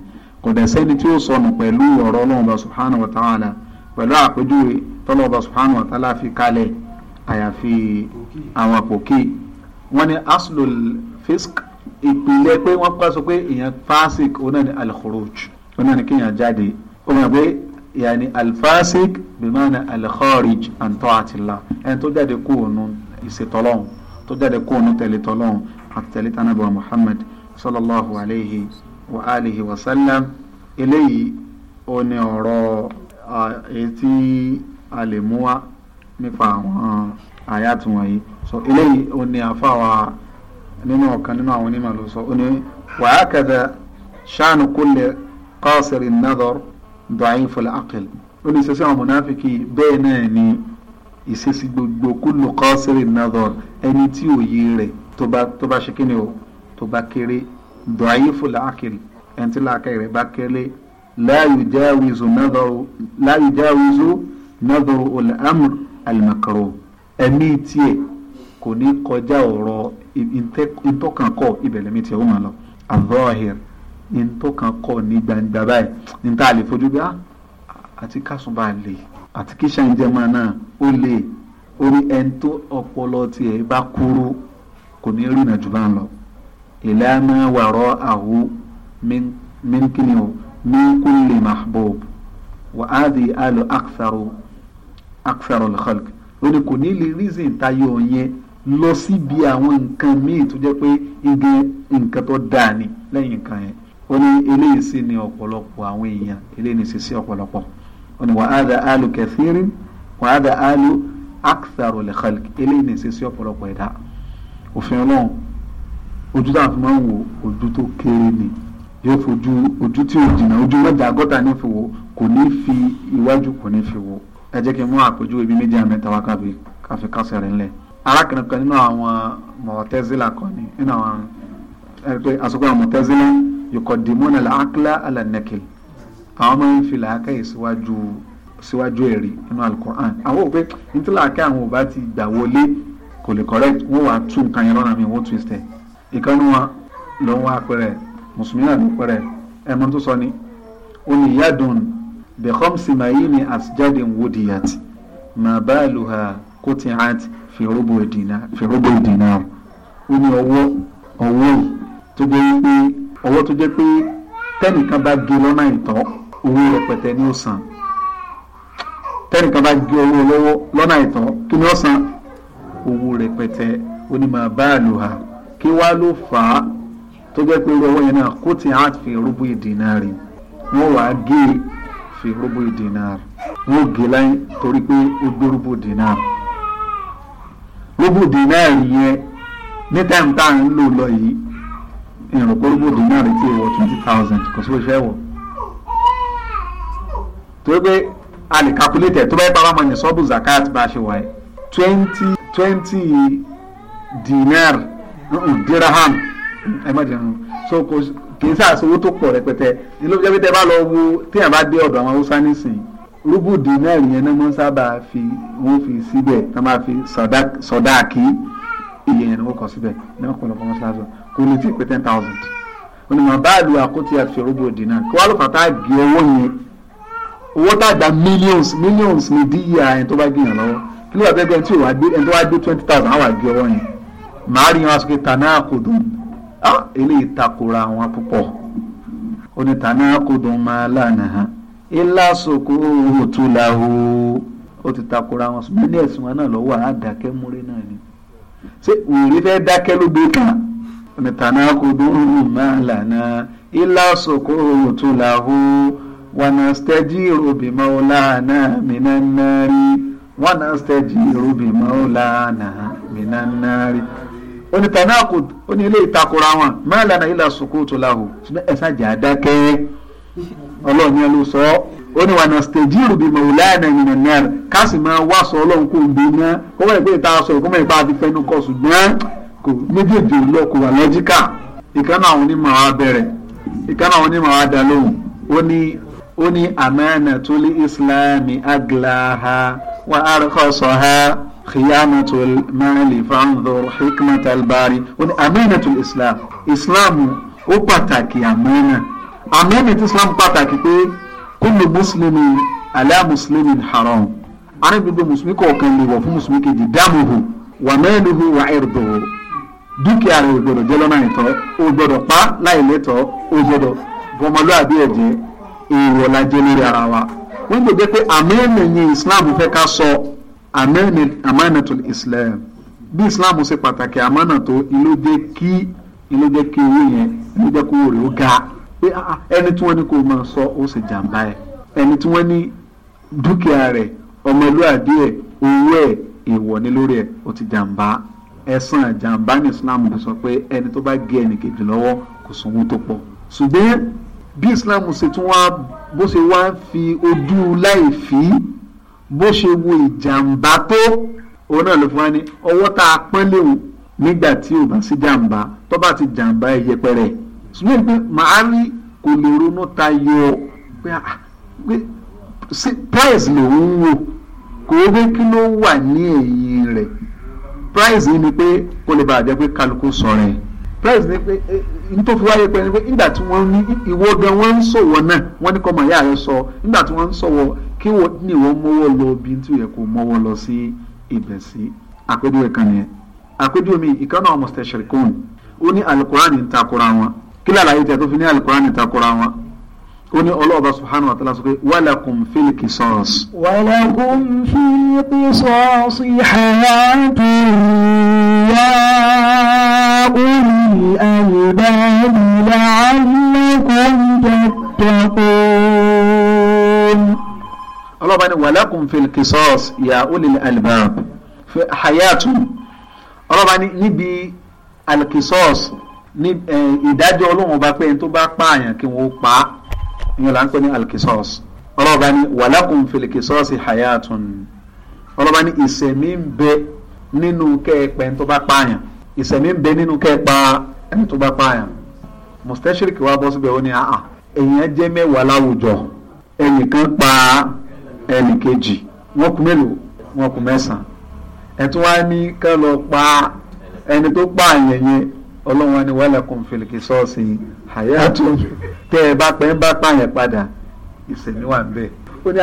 kò dẹ̀ sẹ́ni tí ó àyàfi àwọn pòkì wọ́n ní aslul fisk ìpìlẹ̀ pé wọ́n kọ́ sọ pé èèyàn fasik òun náà ni alkhuruj òun náà ni kéèyàn jáde ó mọ̀ pé yàní alfasik bimana alkharij an ta'atillah ẹni tó jáde kó òun ìṣètọ́lọ́hún tó jáde kó òun tẹ̀lé tọ́lọ́hún àti tẹ̀lé tánàbọ̀ Muhammad sallallahu alayhi wa alihi wa sallam eléyìí ó ní ọ̀rọ̀ èyí tí mú wá nípa àwọn àyàtì wọ̀nyí so eléyìí ó ní àfáwà nínú ọ̀kan nínú àwọn onímọ̀ ló sọ ó ní wàá kẹta ṣáànù kúlẹ̀ kọ́ọ̀sìrì nadọ́r dọ̀yìn fọlẹ̀ àkẹlẹ̀ ó ní ìṣesí àwọn mọ̀náfíkì bẹ́ẹ̀ náà ni ìṣesí gbogbo kúlù kọ́ọ̀sìrì nadọ́r ẹni tí òye rẹ̀ tó bá ṣe kí ni o tó bá kéré dọ̀yìn fọlẹ̀ àkẹlẹ̀ ẹni tí làákẹ́ rẹ̀ bá kéré láyùjáwìzù nadọ́r láyùjáwìzù nadọ́r olè amúr alimakaro ẹ̀mí tiẹ̀ kò ní kọjá ọ̀rọ̀ ìtọ́kankọ́ ìbẹ̀lẹ̀mí tiẹ̀ ó máa lọ azọ́hìr ìtọ́kankọ́ ní gbangba báyìí níta lè fojú bí ah, àti kásùnbà lè àti kíṣà ń jẹ́ máa náà ó lè orí ẹni tó ọpọlọ tiẹ̀ bá kúrú kò ní rìnà jù bá ń lọ ìlànà wàrọ̀ àhú mínkìnnì mínkùnlé mahbub wàhádìí àlọ́ àkàrò akfẹ́rọ̀ lọ́kọ́lùkù ó ní kò ní lè reason tayọ yẹn lọ síbi àwọn nǹkan míì tó jẹ́ pé igi nǹkan tó dáa ni lẹ́yìn nǹkan yẹn ó ní eléyìí sí ni ọ̀pọ̀lọpọ̀ àwọn èèyàn eléyìí ní sísí ọ̀pọ̀lọpọ̀ ó ní wàhádà alu kathirin wàhádà alu aktharo lẹ́kọ̀lì eléyìí ní sísí ọ̀pọ̀lọpọ̀ ẹ̀dá òfin ọlọ́run ojú tá a máa ń wo ojú tó kéré ni yóò fojú ojú tí ò jìnnà ojú mẹ́ta gọ́tà ní fi wo kò ní fi iwájú kò ní fi wo ẹ jẹ́ kí n mú àpèjúwe bíi méjì àmẹ́ta wákàtí káfí kásẹ̀ rẹ̀ ńlẹ̀ arákùnrin kan nínú àwọn mọ̀tẹ́zílà kan ni nínú àwọn ẹgbẹ́ àsopọ̀ àwọn mọ̀tẹ́zílà yuqaddimuna al-aqla ala an-naql àwọn máa ń fi làákàyè síwájú síwájú ẹ̀rí nínú alukur'an àwọn òpè nítorí àkẹ́ àwọn ò bá ti gbà wọlé kò lè correct wọ́n wàá tún nǹkan yẹn lọ́nà mi wọ́n twist ẹ̀ ìkànnì wọn ló ń mùsùlùmí náà ló ẹ̀ mọ́ sọ ni ó ní yadun بخمس مايين أسجاد وديت ما بالها قطعت في ربع دينار في ربع دينار وني أوو أوو تجي أوو تجي tẹnìkan تاني gé lọ́nà ìtọ́ owó rẹpẹtẹ ni ó san tẹnìkan bá gé owó lọ́wọ́ lọ́nà ìtọ́ kí ni ó san owó rẹpẹtẹ onímọ̀ báàlù ha kí wá ló fà á tó jẹ́ pé owó yẹn náà kó ti hàn fi rúbú ìdènà rẹ̀ wọ́n wàá gé e fi rúbù dinar wọ́n gé láyé torí pé ó gbé rúbù dinar rúbù dinar yẹn ní táìmù tá à ń lò lọ yìí ìrìn pé rúbù dinar ti wọ twenty thousand kò sí bó ṣe wọ̀ torí pé a lè calculate ẹ̀ tó bá pàápàá mọ̀ yẹn zakat bá a ṣe wáyé twenty twenty dinar dirham ẹ má jẹun so kò kì í sàṣowó tó pọ̀ rẹpẹtẹ ní ló jẹ́ pé tẹ́ bá lọ wo téèyàn bá dé ọ̀dọ̀ àwọn haúsá nísìnyí rúbùdì mẹ́rin yẹn náà mọ́ sábà fi wọ́n fi síbẹ̀ tá máa fi sọ̀dáàkì iye yẹn ni wọ́n kọ síbẹ̀ ní ọ̀pọ̀lọpọ̀ mọ́ṣáláṣí kò ní tí ì pé ten thousand onímọ̀ báàlù àkótí àti rúbùdì náà kí wọ́n lọ fàtà gé owó yẹn owó tá a gba millions millions ní díyà e ẹni tó bá gbìyàn lọ́wọ́ kí ló wà bẹ́ẹ̀ bẹ́ẹ̀ tí ò wá gbé ẹni tó wá gbé twenty thousand á wà gé owó yẹn màá rí wọn aṣọ pé tanáà kò dùn eléyìí takora wọn púpọ̀ onítàní na máa lánàá ilá soko òtú làwọ ó ti takora wọn ṣùgbọ́n ní ẹ̀sùn wọn náà lọ́wọ́ àádákẹ́ múrí náà ni ṣé òòrí fẹ́ dákẹ́ ló gbé kàn onítàní akódùn máa lánàá ilá soko òtú làwọ wanastajiru bimaulana minannari wanastajiru bimaulana onítànákò ó ní ilé ìtakùrà wọn máa lànà ilà sùkúrù tó láhùn ṣùgbọ́n ẹ ṣàjà dákẹ́ ọlọ́run yẹn ló sọ ọ́ ó ní wàhánà stajiru bíi mọ̀wúláàna ìnìyàn náà ká sì máa wá sọ ọlọ́run kò gbé iná kó wọ́n ìpè ìta sọ ìkọ́mọ̀ ìpá àti fẹnu kọ ṣùgbọ́n kò méjèèjì lọ kò wà lọ́jíkà ìkànnà àwọn onímọ̀ bẹ̀rẹ̀ ìkànnà àwọn onímọ̀ khiyamatul mali fanzur hikmatal bari ó ní aminatul islam islam ó pàtàkì amina amina tí islam pàtàkì pé kullu mùsùlùmí ala mùsùlùmí haram àrùn gbogbo mùsùlùmí kọ̀ọ̀kan lè wọ̀ fún mùsùlùmí kejì dámuhu wà mẹ́nuhu wà ẹ̀rọ̀dọ̀wọ̀ dúkìá rẹ̀ ò gbọ́dọ̀ jẹ́ lọ́nà ìtọ́ ò gbọ́dọ̀ pa láì lẹ́tọ̀ọ́ ò gbọ́dọ̀ ẹ̀jẹ̀ èèwọ̀ la jẹ́ lórí ara wa wọ́n gbọ́dọ̀ pé àmẹ́ẹ̀mẹ̀ yẹn Islam fẹ́ ká sọ amanatul islam bí islam ṣe pàtàkì amánà tó ilé jẹ́ kí ilé jẹ́ kí owó yẹn ilé jẹ́ kó rè ó ga pé ah, ah, ẹni tí wọ́n ní kó máa sọ ó sì jàǹbá ẹ̀ ẹni tí wọ́n ní dúkìá rẹ̀ ọmọlúwàdí ẹ̀ owó ẹ̀ èèwọ̀ ní lórí ẹ̀ ó ti jàǹbá ẹ̀sán jàǹbá ní islam ló sọ pé ẹni tó bá gé ẹnì kejì lọ́wọ́ kò sanwó tó pọ̀ ṣùgbọ́n bí islam ṣe tún wá bó ṣe wá fi ojú láì fi bó ṣe wo ìjàmbá tó òun náà ló fún wa ní ọwọ́ tá a pọ́n léwu nígbà tí ò bá sí jàmbá tó bá ti jàmbá ẹ yẹpẹrẹ ṣùgbọ́n pé màá rí kò lè ronú tayọ pé ah, price lòun wò kò wé kí ló wà ní ẹ̀yìn rẹ̀ price ni pé kó lè bàa jẹ́ pé kálukú sọ̀rọ̀ price ni pé nítorí wáyé pé nígbà tí wọ́n ní ìwọ gan wọ́n ń sọ̀wọ́ náà wọ́n ní kọ́ mọ̀ ìyá sọ nígbà tí wọ́n ń sọ̀wọ́ kí wọ́n ní wọ́n mọ́wọ́ lọ bí tí ó yẹ kó mọ́wọ́ lọ sí ibẹ̀ sí àpèjúwe kan yẹn àpèjúwe mi ìkànnà ọmọ stẹ̀ṣẹ̀kùn ó ní alukurani ń takora wọn kí lálàyé tí a tó fi ní alukurani ń takora wọn ó ní ọlọ́ọ̀bá subhanahu wa ta'ala sọ pé walakum fil qisas. walakum fil qisas hayatun ya ulil albab la'allakum tattaqun ọlọ́ba ni walakum fil qisas ya ulil albab hayatun ọlọ́ba ni níbi alqisas ní ìdájọ́ ọlọ́run ọba pé ẹni tó bá pààyàn kí wọ́n pa á ìyẹn là ń pè ní alqisas ọlọ́ba ni walakum fil qisas hayatun ọlọ́ba ni ìsẹ̀mí ń bẹ nínú kẹ́ẹ̀pẹ́ ẹni tó bá pààyàn ìsẹ̀mí ń bẹ nínú kẹ́ẹ̀pẹ́ ẹni tó bá pààyàn mustashrik wa bọ́ síbẹ̀ ó ní àà èèyàn jẹ́ mẹ́wàá láwùjọ ẹnìkan pa á ẹnì kejì wọ́n kú mélòó wọ́n kú mẹ́sàn-án ẹ̀tún wá ní ká lọ pa ẹni tó pa àyàn yẹn ọlọ́run ni walakum fil qisasi hayatun tẹ́ ẹ bá pẹ́ ń bá pààyàn padà ìsẹ̀mí wà ń bẹ̀ ó ní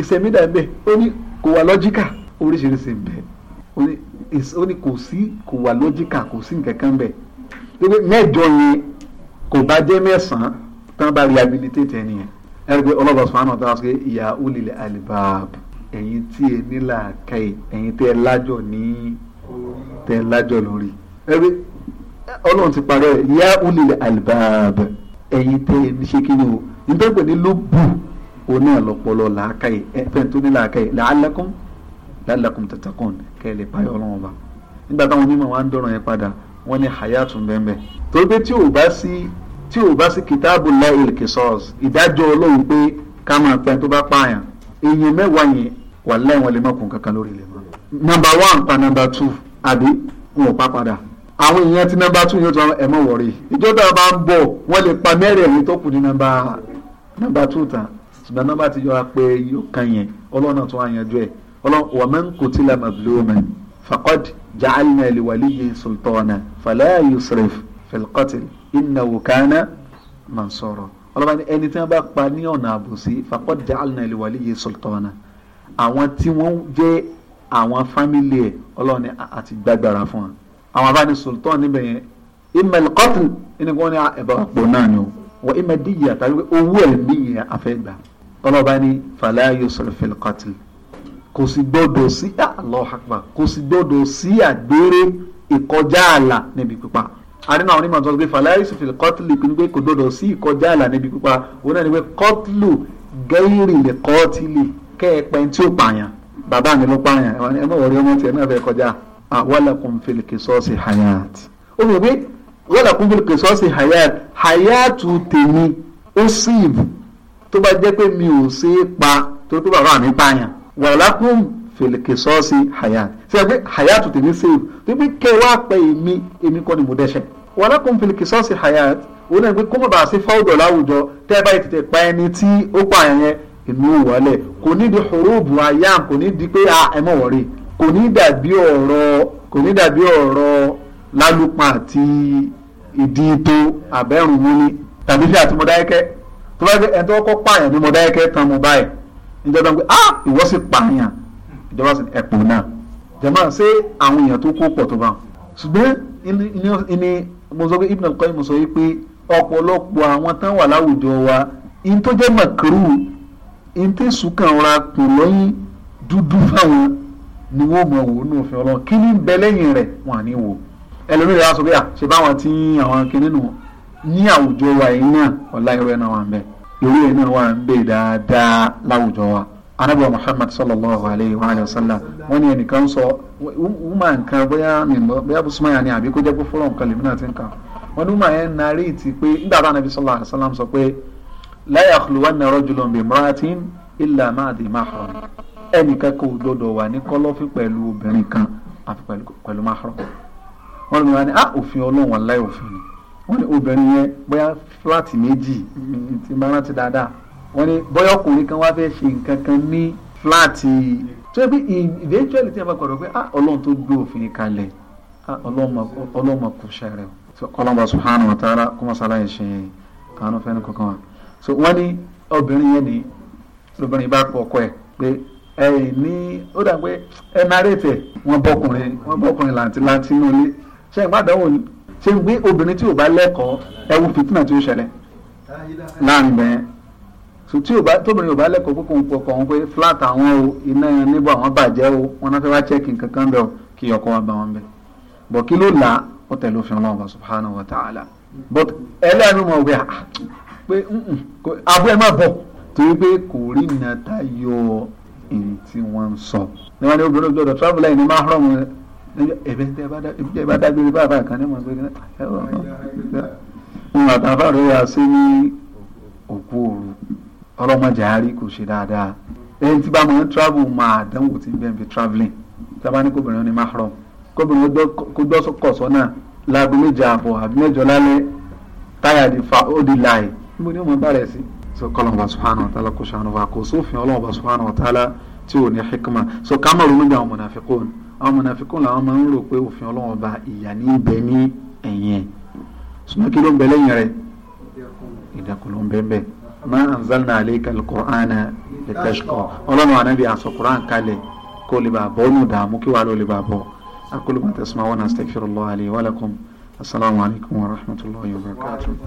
ìsẹ̀mí dà ń bẹ̀ ó ní kò wà lọ́jíkà oríṣiríṣi ń bẹ̀ ó ní kò sí kò wà lọ́jíkà kò sí nǹkan bẹ̀ mẹ́jọ yẹn kò bá jẹ́ mẹ́sàn-án tán bá rehabilitate ẹni yẹn ẹgbẹ́ ọlọ́ba sùnmọ́ tó ṣe ìyá olùlẹ̀ alibab ẹ̀yin tí ẹ nílà káyì ẹ̀yin tẹ́ ẹ lájọ ní tẹ́ ẹ lájọ lórí ẹgbẹ́ ọlọ́run ti parẹ́ ìyá olùlẹ̀ alibab ẹ̀yin tẹ́ ẹ ní ṣé kí ni o ìdẹ́gbẹ̀ ló bù oní ọ̀lọ́pọ̀lọ́ làákàyè ẹ̀fẹ̀ tó ní làákàyè làálẹ́kùn làálẹ́kùn tẹ̀tẹ̀kùn kẹ́ ẹ ọlọ́run wa nígbà tí ò bá sí kìtàbù lọ́ọ̀lì kìsọ́ọ̀s ìdájọ́ ọlọ́run pé ká máa pẹ́ tó bá pààyàn èèyàn mẹ́wàá yẹn wà lẹ́yìn wọn lè mọ̀kùn kankan lórí ilẹ̀ mọ́. nọ́mbà one pa nọ́mbà two àbí wọn ò pa padà àwọn èèyàn ti nọ́mbà two yóò tún ẹ̀ mọ̀ wọ̀rí ìjọba bá ń bọ̀ wọ́n lè pa mẹ́rin ẹ̀yìn tó kù ní nọ́mbà nọ́mbà two tán ṣùgbọ́n nọ́mbà ti yọra pé yóò kan yẹn ọlọ́run tó wá yanjú ẹ̀ ọlọ́run wọ́n mẹ́ innahu kana mansoro. ọlọ́ba ní ẹni tí wọ́n bá pa ní ọ̀nà àbòsí faqad ja'alna li waliyyi sultana àwọn tí wọ́n jẹ́ àwọn fámìlì ẹ̀ ọlọ́ọ̀ni àti gbàgbára fún wọn àwọn abáni sultan níbẹ̀ yẹn imma al-qatl wọ́n ní ẹ̀bà pọ̀ náà ni o wọ́n imma diyya tàbí owó ẹ̀mí yẹn afẹ́ gbà ọlọ́ba ní fala yusrif fil qatl kò sì gbọ́dọ̀ sí Allahu akbar kò sì gbọ́dọ̀ àrínà àwọn onímọ̀ tó ń gbé fàlàyèsí fi kọ́tìlù pé pé kò gbọdọ̀ sí ìkọjá àlà níbi pípa òun náà ni pé kọ́tìlù gẹ́rì lè kọ́tìlì kẹ́ẹ̀pẹ́ tí ó pààyàn bàbá mi ló pààyàn ẹ mọ̀ wọ́n rí ọmọ tiẹ̀ náà fẹ́ kọjá àwọlẹ̀kùn fìlìkì sọ́ọ̀sì hayat ó fi pé wọ́lẹ̀kùn fìlìkì sọ́ọ̀sì hayat hayatu tèmi ó síìbù tó bá jẹ́ pé mi ò ṣe pa tó tó bàbá mi pààyàn wàlákùn filikisọ́ọ̀sì hayat ṣe pé hayat tèmi save tó pé kẹwàá pé èmi èmi kọ́ ni mo dẹ́ṣẹ̀ walakum filikisọ́ọ̀sì hayat òun náà pé kó má bàa sí fáwọ́dọ̀ láwùjọ tẹ́ ẹ báyìí tètè pa ẹni tí ó pa ẹ̀yẹn èmi ò wọlé kò ní di hurubu ayam kò ní di pé a ah, ẹ mọ̀ wọ̀rí kò ní dàbí ọ̀rọ̀ kò ní dàbí ọ̀rọ̀ lálùpọ̀ àti ìdí tó àbẹ́rùn mú ni tàbí fi àti Mọdákẹ́kẹ́ tó bá ẹni tó kọ́ pààyàn ní Mọdákẹ́kẹ́ tán mo báyìí níjọba pé ah ìwọ pààyàn ìjọba sì ẹ̀pọ̀ náà jẹ̀mọ́ ṣé àwọn èèyàn tó kó pọ̀ tó bá wọn. ṣùgbọ́n ni mo sọ pé Ibn al-Qayyim mo sọ yìí pé ọ̀pọ̀lọpọ̀ àwọn tán wà láwùjọ wa in tó jẹ́ màkìrú in tó sùkàn ra kù lọ́yìn dúdú fáwọn ni wọ́n mọ̀ wò ní òfin ọlọ́run kí ni bẹ lẹ́yìn rẹ̀ wọn à ní wò ẹlòmíràn á sọ pé à ṣe báwọn tí àwọn kìnìún ní àwùjọ wa yìí náà ọ̀la ìrọ̀ ẹ̀ náà wà ń bẹ ìrọ̀ ẹ̀ náà wà ń bẹ dáadáa láwùjọ wa anabiwa muhammad sallallahu alayhi wa sallam wọn ni ẹnìkan sọ wúmà nǹkan bóyá mímọ bóyá bó súnmọ́ yà ni àbí kó jẹ́ kó fọlọ́ nǹkan lèmi náà ti ń kà wọn ni wúmà yẹn nàárẹ̀tì pé nígbà tá anabi sallallahu alayhi wa sallam sọ pé la yakhluwanna rajulun bi imra'atin illa ma'a dhi mahram ẹnìkan kò gbọdọ̀ wà ní kọ́lọ́fín pẹ̀lú obìnrin kan àfi pẹ̀lú mahram wọn ni wọn ni ah òfin ọlọ́run aláì òfin ni wọn ni obìnrin yẹn bóyá fúláàtì méjì ti máa rántí dáadáa wọ́n ní bóyá ọkùnrin kan wá fẹ́ ṣe nǹkan kan ní fúláàtì tó bí eventually tí a bá kọ̀dọ̀ pé ah ọlọ́run tó gbé òfin kalẹ̀ ah ọlọ́run máa kú sẹ́rẹ̀ o ọlọ́run subhanahu wa ta'ala kó mọ̀ sáláyé ṣe àánú fẹ́ni kankan wa so wọ́n ní obìnrin yẹn ní lóbìnrin bá pọ̀ ọkọ ẹ̀ pé ẹ̀yìn ní ó dà pé ẹ narètè wọ́n bọ́kùnrin wọ́n bọ́kùnrin làǹtí láti inú ilé ṣe ìgbàdánwò ni ṣe ń gbé obìnrin tí ò bá lẹ́kọ̀ọ́ ẹ̀wù fìtínà tí ó ṣẹlẹ̀ láàrin bẹ́ẹ̀ sùtì tóbìnrin ò bá lẹ́kọ̀ọ́ pé kòun kọkọ òun pé flat àwọn o iná níbo àwọn bàjẹ́ o wọn náà fẹ́ wá chẹ́kì kankan bẹ́ẹ̀ o kí ọkọ wa bá wọn bẹ́ẹ̀ bọ̀ kí ló là ó tẹ̀lé òfin ọlọ́run bá subhanahu wa ta'ala but ẹlẹ́rìí mọ̀ wípé pé abú ah, ẹ má bọ̀ torí pé kò rí nàta yọ èyí tí wọ́n ń sọ. níwọ̀n ní obìnrin gbọdọ̀ travel ẹ̀ ní mahram ẹ̀bẹ̀ bá ọlọ́mọdé àárí kò ṣe dáadáa ẹni tí bá mọ̀ ń travel máa dánwò tí ń bẹ́ẹ̀ bí travelling tí a bá ní kóbìnrin ní mahram kóbìnrin kó gbọ́ kọ̀ sọ́nà láago méje àbọ̀ àbí mẹ́jọ lálẹ́ táyà di fa ó di láì níbo ni ó mọ̀ bá rẹ̀ sí. sọ kọlọmọba subhanahu wa ta'ala kò ṣàánú wa kò sófin ọlọmọba subhanahu wa ta'ala tí ò ní hikma sọ kámọ̀ ronú bí àwọn mọ̀nàfikún àwọn mọ̀nàfikún làwọn máa ń rò pé òfin ọlọmọba ìyà ní ibẹ̀ ní ẹ̀yìn ẹ̀ sùnmọ́ kí ló ń bẹ lẹ́yìn rẹ̀ ìdàkùn ló ń bẹ́ẹ̀ bẹ́ẹ̀ ma anzalna alayka al-Qur'ana litashqa ọlọ́run ànábì àsọ quran kalẹ̀ kó lè bá bọ́ nù dààmú kí wàá ló lè bá bọ́ aqulu ma tasma'una astaghfirullah li wa lakum assalamu alaykum wa rahmatullahi wa barakatuh.